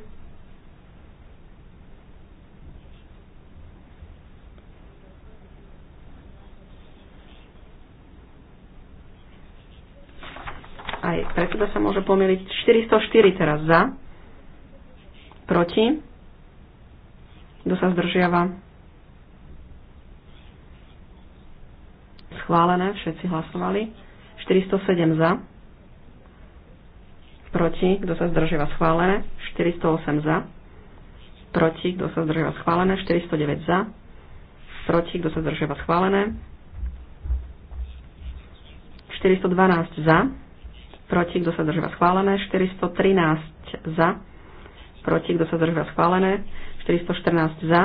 Aj pre teba sa môže pomýliť. 404 teraz za. Proti. Kto sa zdržiava? Schválené, všetci hlasovali. 407 za. Proti, kto sa zdržiava schválené. 408 za. Proti, kto sa zdržiava schválené. 409 za. Proti, kto sa zdržiava schválené. 412 za. Proti, kto sa zdržiava schválené. 413 za proti, kto sa zdržíva schválené, 414 za,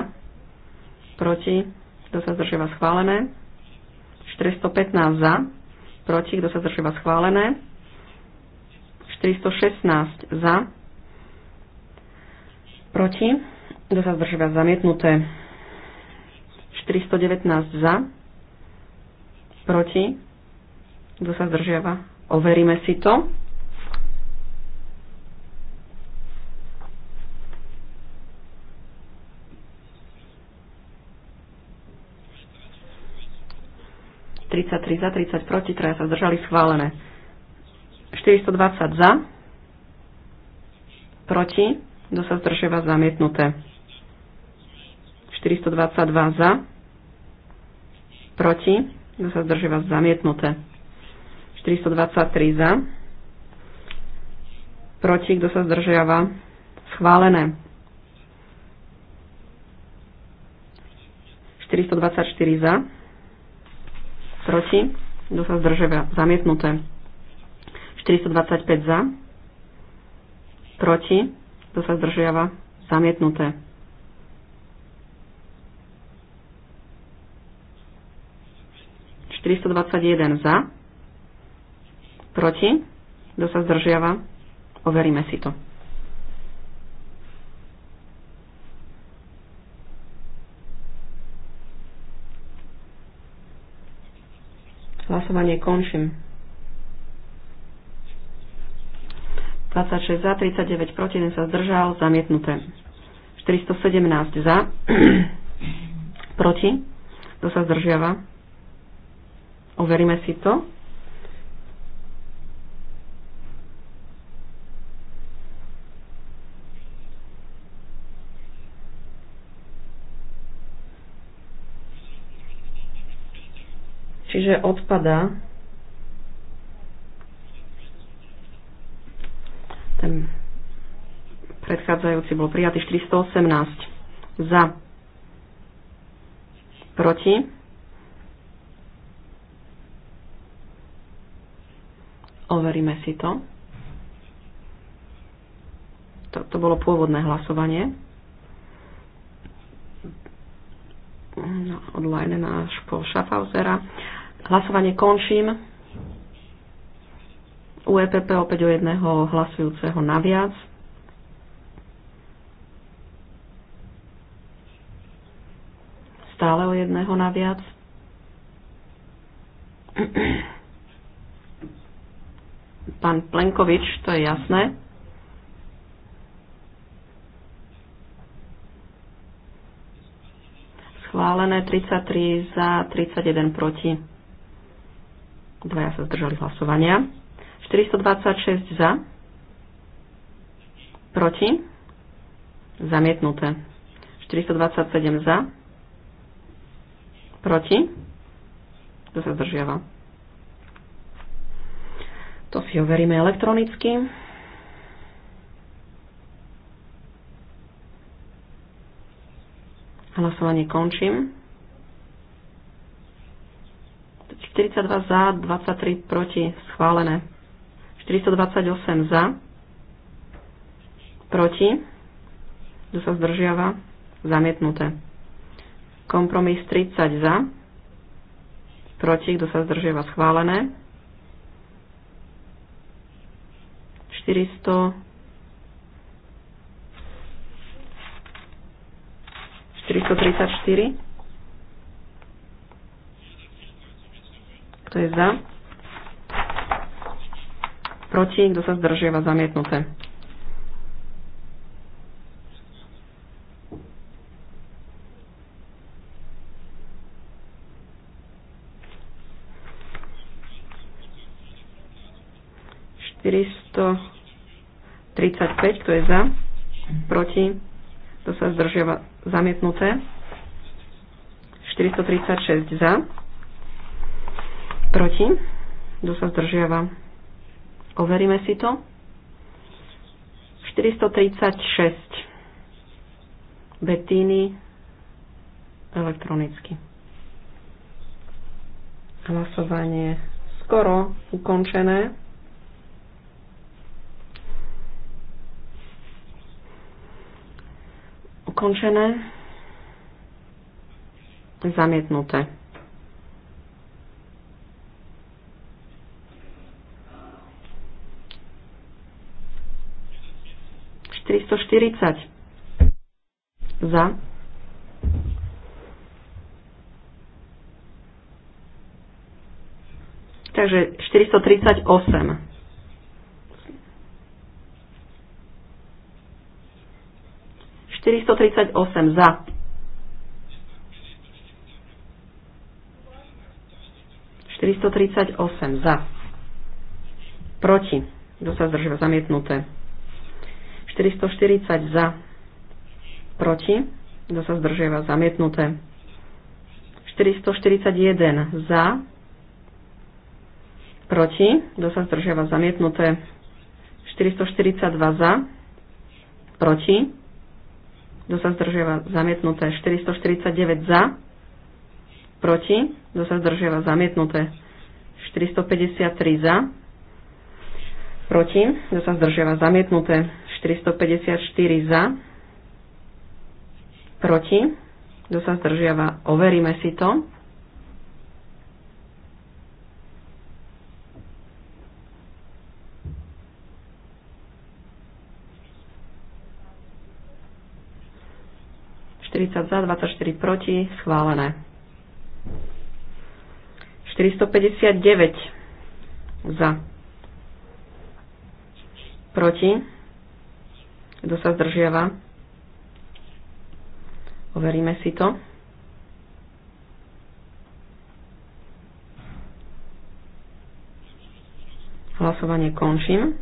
proti, kto sa zdržíva schválené, 415 za, proti, kto sa zdržíva schválené, 416 za, proti, kto sa zdržíva zamietnuté, 419 za, proti, kto sa zdržiava, overíme si to. 33 za, 30 proti, traja sa zdržali schválené. 420 za, proti, kto sa zdržiava zamietnuté. 422 za, proti, kto sa zdržiava zamietnuté. 423 za, proti, kto sa zdržiava schválené. 424 za, proti, kto sa zdržiava, zamietnuté. 425 za, proti, kto sa zdržiava, zamietnuté. ...421 za, proti, kto sa zdržiava, overíme si to. Hlasovanie končím. 26 za, 39 proti, 1 sa zdržal, zamietnuté. 417 za, [CLEARS THROAT] proti, kto sa zdržiava. Overíme si to. čiže odpada ten predchádzajúci bol prijatý 418 za proti overíme si to to, to bolo pôvodné hlasovanie no, od Leinena až po Schaffhausera Hlasovanie končím. U EPP opäť o jedného hlasujúceho naviac. Stále o jedného naviac. Pán Plenkovič, to je jasné. Schválené 33 za, 31 proti. Dvaja sa zdržali hlasovania. 426 za. Proti. Zamietnuté. 427 za. Proti. to sa zdržiava? To si overíme elektronicky. Hlasovanie končím. 42 za, 23 proti, schválené. 428 za, proti, kto sa zdržiava, zamietnuté. Kompromis 30 za, proti, kto sa zdržiava, schválené. 400 434 Kto je za? Proti? Kto sa zdržiava? Zamietnuté. tridsať tridsaťpäť, kto je za? Proti? Kto sa zdržiava? Zamietnuté. 436 za Proti? Kto sa zdržiava? Overíme si to. 436 Betíny elektronicky. Hlasovanie skoro ukončené. Ukončené. Zamietnuté. 40. Za. Takže 438. osem. za. osem za. Proti. Kto sa zdržíva? Zamietnuté. 440 za, proti, kto sa zdržiava, zamietnuté. 441 za, proti, kto sa zdržiava, zamietnuté. 442 za, proti, kto sa zdržiava, zamietnuté. 449 za, proti, kto sa zdržiava, zamietnuté. 453 za, proti, kto sa zdržiava, zamietnuté. 454 za, proti, kto sa zdržiava, overíme si to. za, 24 proti, schválené. 459 za, proti, kto sa zdržiava? Overíme si to. Hlasovanie končím.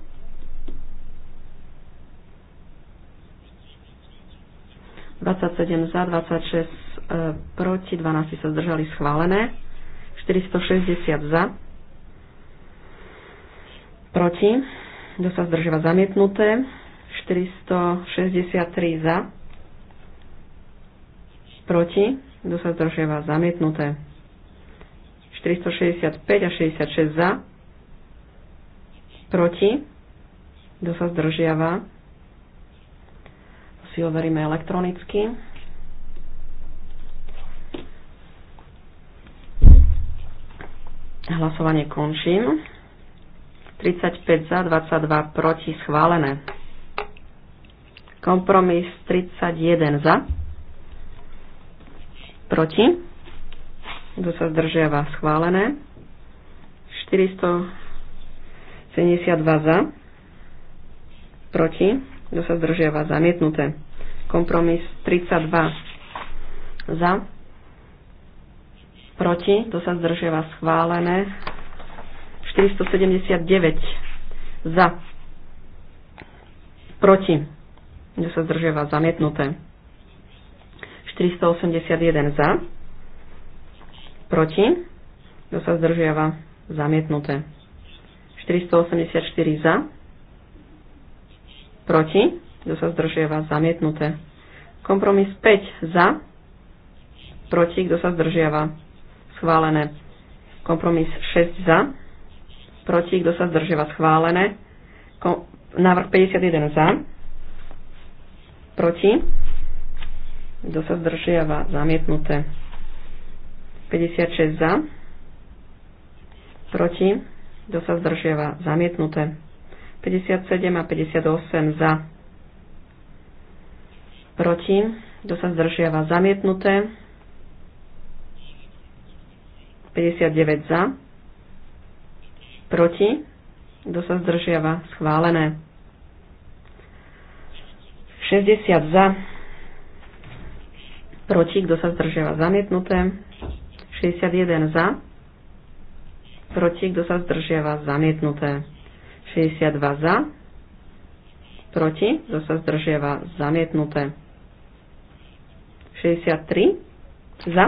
Dvadsaťsedem za, 26 e, proti, 12 sa zdržali schválené, 460 za, proti, kto sa zdržiava zamietnuté, 463 za, proti, kto sa zdržiava, zamietnuté. 465 a 66 za, proti, kto sa zdržiava, to si overíme elektronicky. Hlasovanie končím. 35 za, 22 proti, schválené. Kompromis 31 za. Proti. Kto sa zdržiava schválené. 472 za. Proti. Kto sa zdržiava zamietnuté. Kompromis 32 za. Proti. Kto sa zdržiava schválené. 479 za. Proti kde sa zdržiava zamietnuté. 481 za, proti, kto sa zdržiava zamietnuté. 484 za, proti, kto sa zdržiava zamietnuté. Kompromis 5 za, proti, kto sa zdržiava schválené. Kompromis 6 za, proti, kto sa zdržiava schválené. Kom- návrh 51 za, proti, kto sa zdržiava, zamietnuté. 56 za, proti, kto sa zdržiava, zamietnuté. 57 a 58 za, proti, kto sa zdržiava, zamietnuté. 59 za, proti, kto sa zdržiava, schválené. 60 za, proti, kto sa zdržiava, zamietnuté. 61 za, proti, kto sa zdržiava, zamietnuté. 62 za, proti, kto sa zdržiava, zamietnuté. 63 za,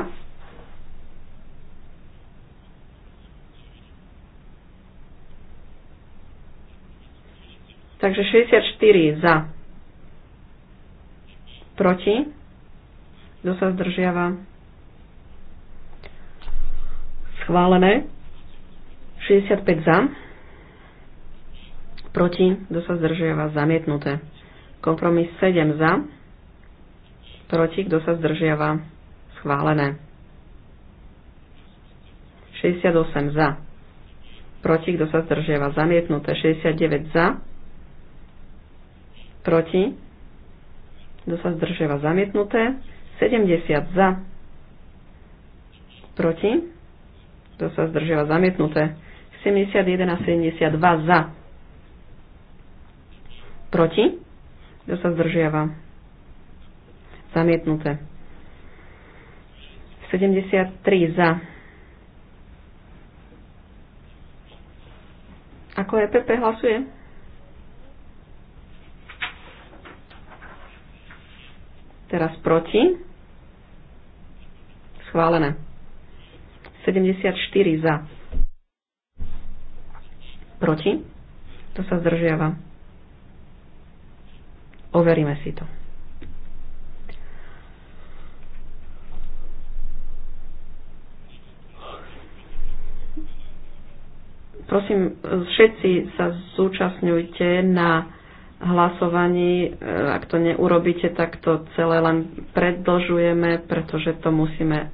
Takže 64 za, Proti? Kto sa zdržiava? Schválené. 65 za. Proti? Kto sa zdržiava? Zamietnuté. Kompromis 7 za. Proti? Kto sa zdržiava? Schválené. 68 za. Proti? Kto sa zdržiava? Zamietnuté. 69 za. Proti? kto sa zdržiava zamietnuté, 70 za, proti, kto sa zdržiava zamietnuté, 71 a 72 za, proti, kto sa zdržiava zamietnuté, 73 za, Ako EPP hlasuje? Teraz proti. Schválené. 74 za. Proti. To sa zdržiava. Overíme si to. Prosím, všetci sa zúčastňujte na hlasovaní. E, ak to neurobíte, tak to celé len predlžujeme, pretože to musíme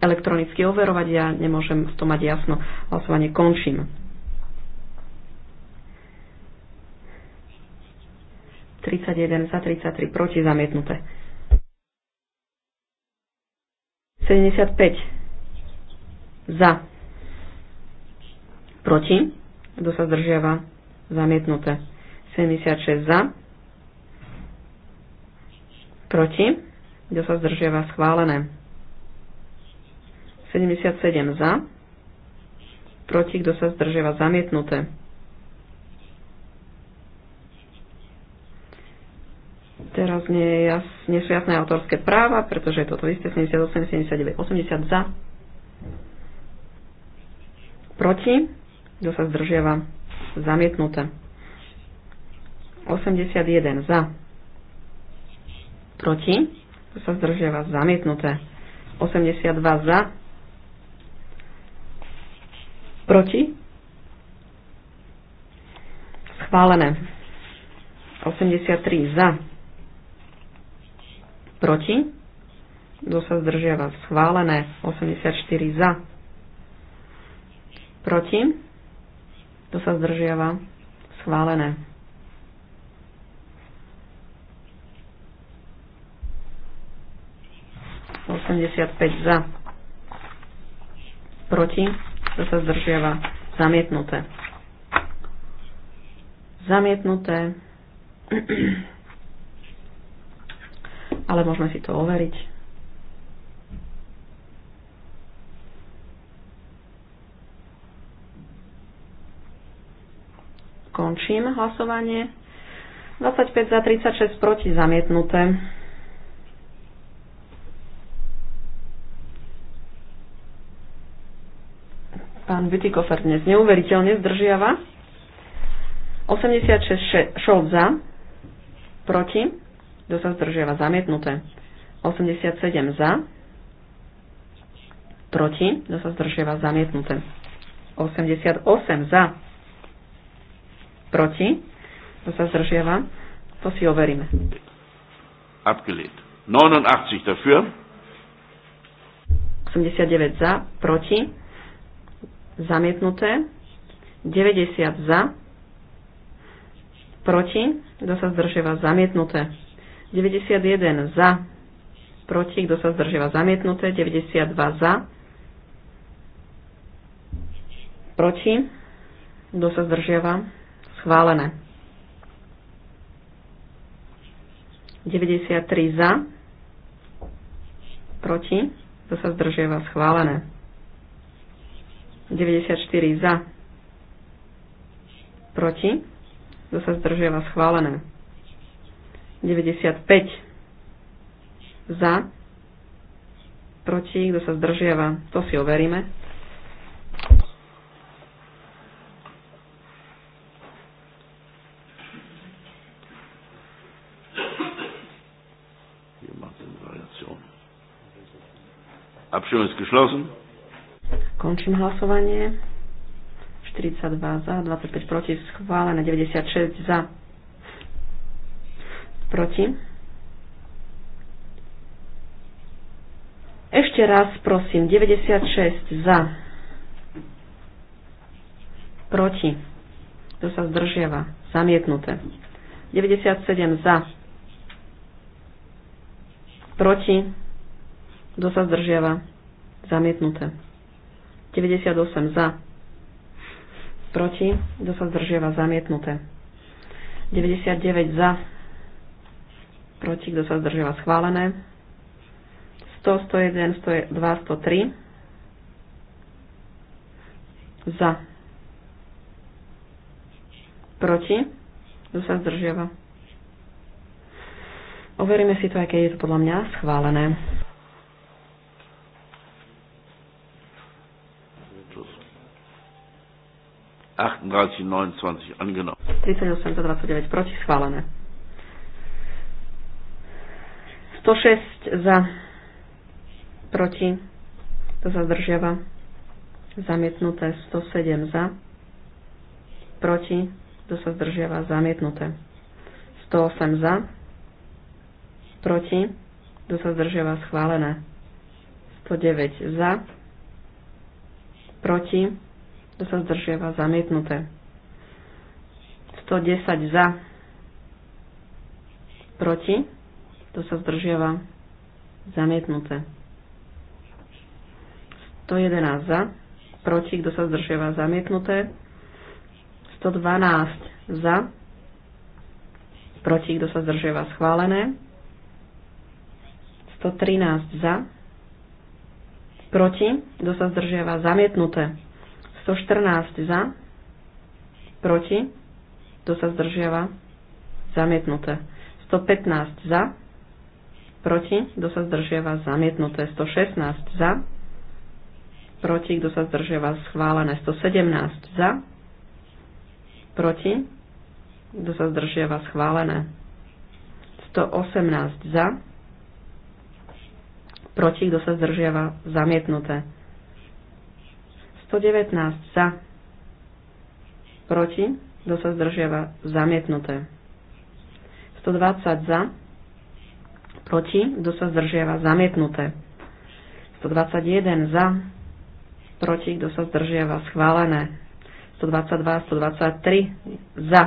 elektronicky overovať. Ja nemôžem v tom mať jasno. Hlasovanie končím. 31 za 33 proti zamietnuté. 75 za proti. Kto sa zdržiava? Zamietnuté. 76 za. Proti. Kto sa zdržiava schválené. 77 za. Proti. Kto sa zdržiava zamietnuté. Teraz nie, jas, nie sú jasné autorské práva, pretože je toto isté 78, 79, 80 za. Proti. Kto sa zdržiava zamietnuté. 81 za. Proti. Tu sa zdržiava zamietnuté. 82 za. Proti. Schválené. 83 za. Proti. Tu sa zdržiava schválené. 84 za. Proti. Tu sa zdržiava schválené. 85 za. Proti. Kto sa zdržiava? Zamietnuté. Zamietnuté. [CLEARS THROAT] Ale môžeme si to overiť. Končím hlasovanie. 25 za 36 proti zamietnuté. Pán Bytikofer dnes neuveriteľne zdržiava. 86 šolt za, proti, kto sa zdržiava, zamietnuté. 87 za, proti, kto sa zdržiava, zamietnuté. 88 za, proti, kto sa zdržiava, to si overíme. Abgelehnt. 89 dafür. 89 za, proti, zamietnuté, 90 za, proti, kto sa zdržiava zamietnuté, 91 za, proti, kto sa zdržiava zamietnuté, 92 za, proti, kto sa zdržiava schválené. 93 za, proti, kto sa zdržiava schválené. 94 za. Proti. Kto sa zdržiava schválené. 95 za. Proti. Kto sa zdržiava. To si overíme. Abstimmung ist geschlossen. Končím hlasovanie. 42 za, 25 proti, schválené 96 za. Proti. Ešte raz prosím, 96 za. Proti. To sa zdržiava? Zamietnuté. 97 za. Proti. Kto sa zdržiava? Zamietnuté. 98 za. Proti. Kto sa zdržiava? Zamietnuté. 99 za. Proti. Kto sa zdržiava? Schválené. 100, 101, 102, 103. Za. Proti. Kto sa zdržiava? Overíme si to, aj keď je to podľa mňa schválené. 38, proti schválené. 106 za proti, to sa zdržiava. Zamietnuté 107 za proti, to sa zdržiava. Zamietnuté 108 za proti, to sa zdržiava. Schválené 109 za proti, kto sa zdržiava, zamietnuté. 110 za, proti, kto sa zdržiava, zamietnuté. 111 za, proti, kto sa zdržiava, zamietnuté. 112 za, proti, kto sa zdržiava, schválené. 113 za, proti, kto sa zdržiava, zamietnuté. 114 za, proti, kto sa zdržiava, zamietnuté. 115 za, proti, kto sa zdržiava, zamietnuté. 116 za, proti, kto sa zdržiava, schválené. 117 za, proti, kto sa zdržiava, schválené. 118 za, proti, kto sa zdržiava, zamietnuté. 119 za. Proti. Kto sa zdržiava? Zamietnuté. 120 za. Proti. Kto sa zdržiava? Zamietnuté. 121 za. Proti. Kto sa zdržiava? Schválené. 122, 123 za.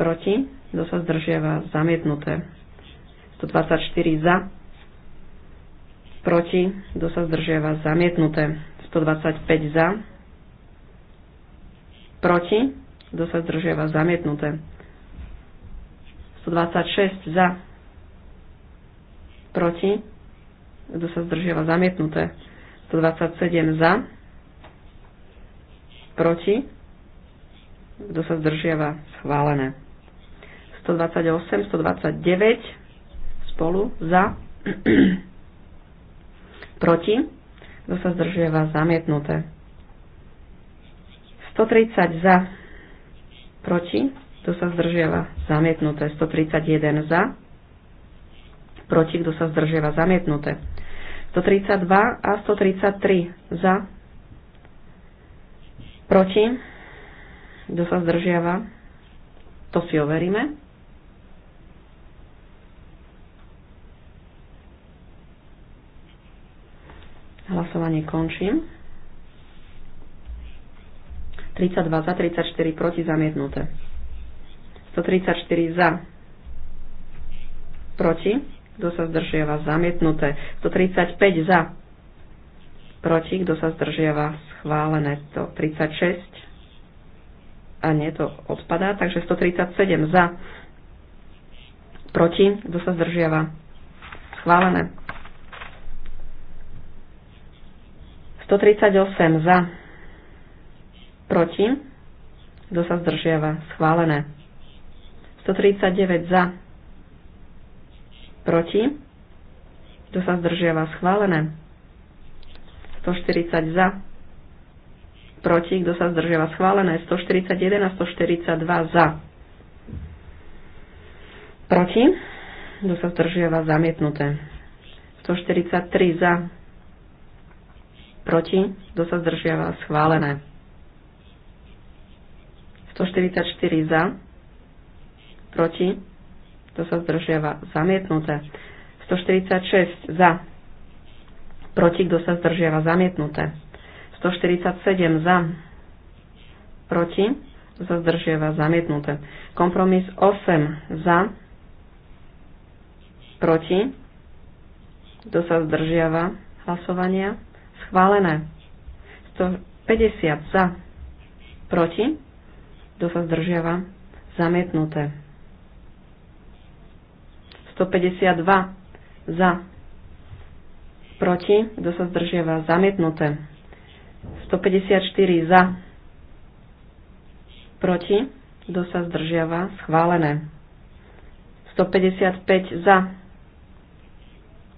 Proti. Kto sa zdržiava? Zamietnuté. 124 za proti, kto sa zdržiava, zamietnuté. 125 za, proti, kto sa zdržiava, zamietnuté. 126 za, proti, kto sa zdržiava, zamietnuté. 127 za, proti, kto sa zdržiava, schválené. 128, 129 spolu za, Proti? Kto sa vás Zamietnuté. 130 za. Proti? Kto sa vás Zamietnuté. 131 za. Proti? Kto sa vás Zamietnuté. 132 a 133 za. Proti? Kto sa zdržiava? To si overíme. Hlasovanie končím. 32 za, 34 proti, zamietnuté. 134 za, proti, kto sa zdržiava, zamietnuté. 135 za, proti, kto sa zdržiava, schválené. 136 a nie, to odpadá, takže 137 za, proti, kto sa zdržiava, schválené. 138 za. Proti. Kto sa zdržiava? Schválené. 139 za. Proti. Kto sa zdržiava? Schválené. 140 za. Proti. Kto sa zdržiava? Schválené. 141 a 142 za. Proti. Kto sa zdržiava? Zamietnuté. 143 za proti, kto sa zdržiava, schválené. 144 za, proti, kto sa zdržiava, zamietnuté. 146 za, proti, kto sa zdržiava, zamietnuté. 147 za, proti, kto sa zdržiava, zamietnuté. Kompromis 8 za, proti, kto sa zdržiava hlasovania, Schválené. 150 za. Proti. Kto sa zdržiava? Zamietnuté. 152 za. Proti. Kto sa zdržiava? Zamietnuté. 154 za. Proti. Kto sa zdržiava? Schválené. 155 za.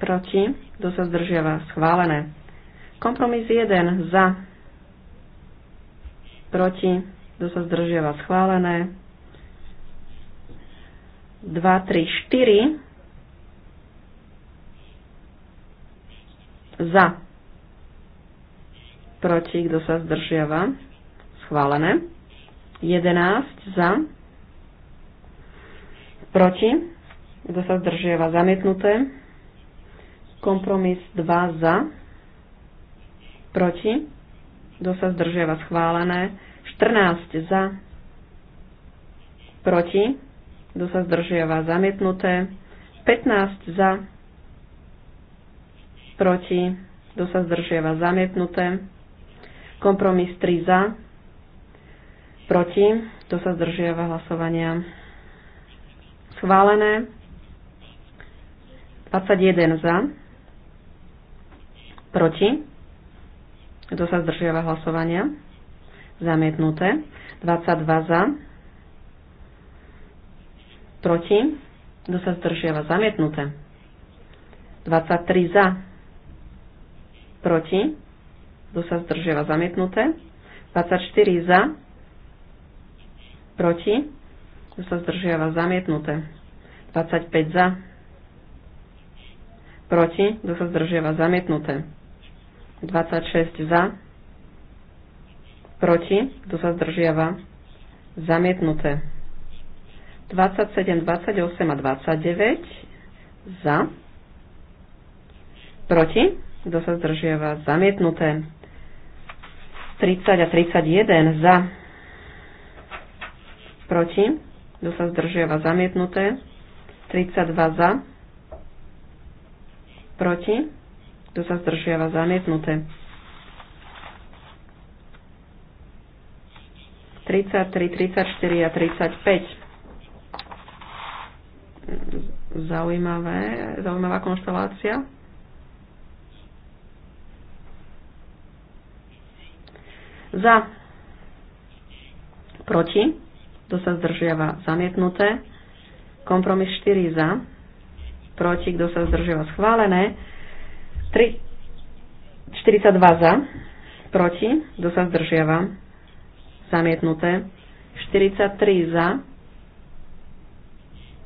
Proti. Kto sa zdržiava? Schválené. Kompromis 1 za, proti, kto sa zdržiava schválené. 2, 3, 4 za, proti, kto sa zdržiava schválené. 11 za, proti, kto sa zdržiava zamietnuté. Kompromis 2 za, proti, kto sa zdržiava schválené, 14 za, proti, kto sa zdržiava zamietnuté, 15 za, proti, kto sa zdržiava zamietnuté, kompromis 3 za, proti, kto sa zdržiava hlasovania schválené, 21 za, proti, kto sa zdržiava hlasovania? Zamietnuté. 22 za. Proti. Kto sa zdržiava? Zamietnuté. 23 za. Proti. Kto sa zdržiava? Zamietnuté. 24 za. Proti. Kto sa zdržiava? Zamietnuté. 25 za. Proti. Kto sa zdržiava? Zamietnuté. 26 za, proti, kto sa zdržiava, zamietnuté. 27, 28 a 29 za, proti, kto sa zdržiava, zamietnuté. 30 a 31 za, proti, kto sa zdržiava, zamietnuté. 32 za, proti, kto sa zdržiava zamietnuté. 33, 34 a 35. Zaujímavé, zaujímavá konštelácia. Za, proti, kto sa zdržiava zamietnuté. Kompromis 4 za, proti, kto sa zdržiava schválené. 3, 42 za, proti, kto sa zdržiava, zamietnuté. 43 za,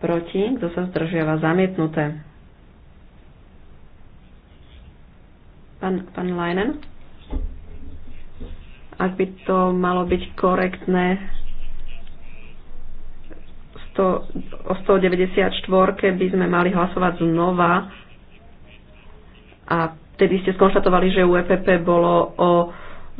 proti, kto sa zdržiava, zamietnuté. Pán, pán Leinen? Ak by to malo byť korektné, 100, o 194 by sme mali hlasovať znova, a vtedy ste skonštatovali, že u EPP bolo o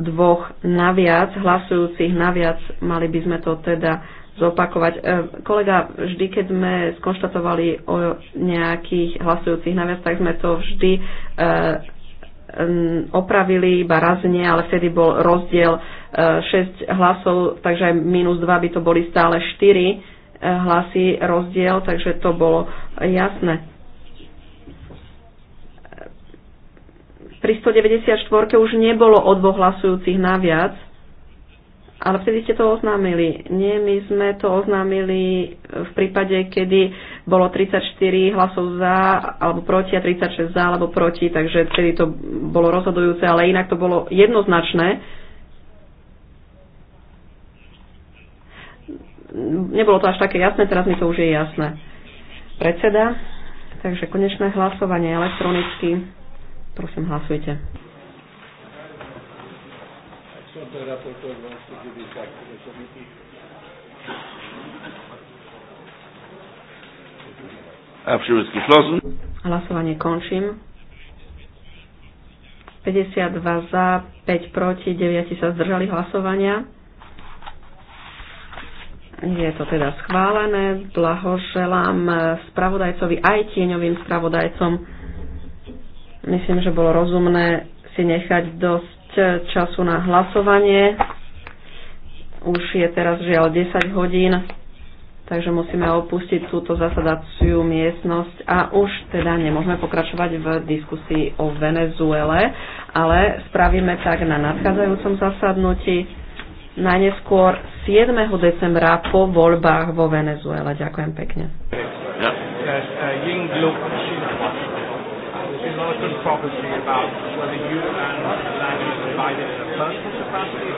dvoch naviac, hlasujúcich naviac, mali by sme to teda zopakovať. E, kolega, vždy, keď sme skonštatovali o nejakých hlasujúcich naviac, tak sme to vždy e, opravili iba razne, ale vtedy bol rozdiel 6 e, hlasov, takže aj minus 2 by to boli stále 4 hlasy rozdiel, takže to bolo jasné. Pri 194 už nebolo o dvoch hlasujúcich naviac, ale vtedy ste to oznámili. Nie, my sme to oznámili v prípade, kedy bolo 34 hlasov za alebo proti a 36 za alebo proti, takže vtedy to bolo rozhodujúce, ale inak to bolo jednoznačné. Nebolo to až také jasné, teraz mi to už je jasné. Predseda, takže konečné hlasovanie elektronicky. Prosím, hlasujte. Hlasovanie končím. 52 za, 5 proti, 9 sa zdržali hlasovania. Je to teda schválené. Blahoželám spravodajcovi aj tieňovým spravodajcom. Myslím, že bolo rozumné si nechať dosť času na hlasovanie. Už je teraz žiaľ 10 hodín, takže musíme opustiť túto zasadaciu miestnosť a už teda nemôžeme pokračovať v diskusii o Venezuele, ale spravíme tak na nadchádzajúcom zasadnutí najneskôr 7. decembra po voľbách vo Venezuele. Ďakujem pekne. Ja. Uh, There's been a lot of controversy about whether you and Lanny divided in a personal capacity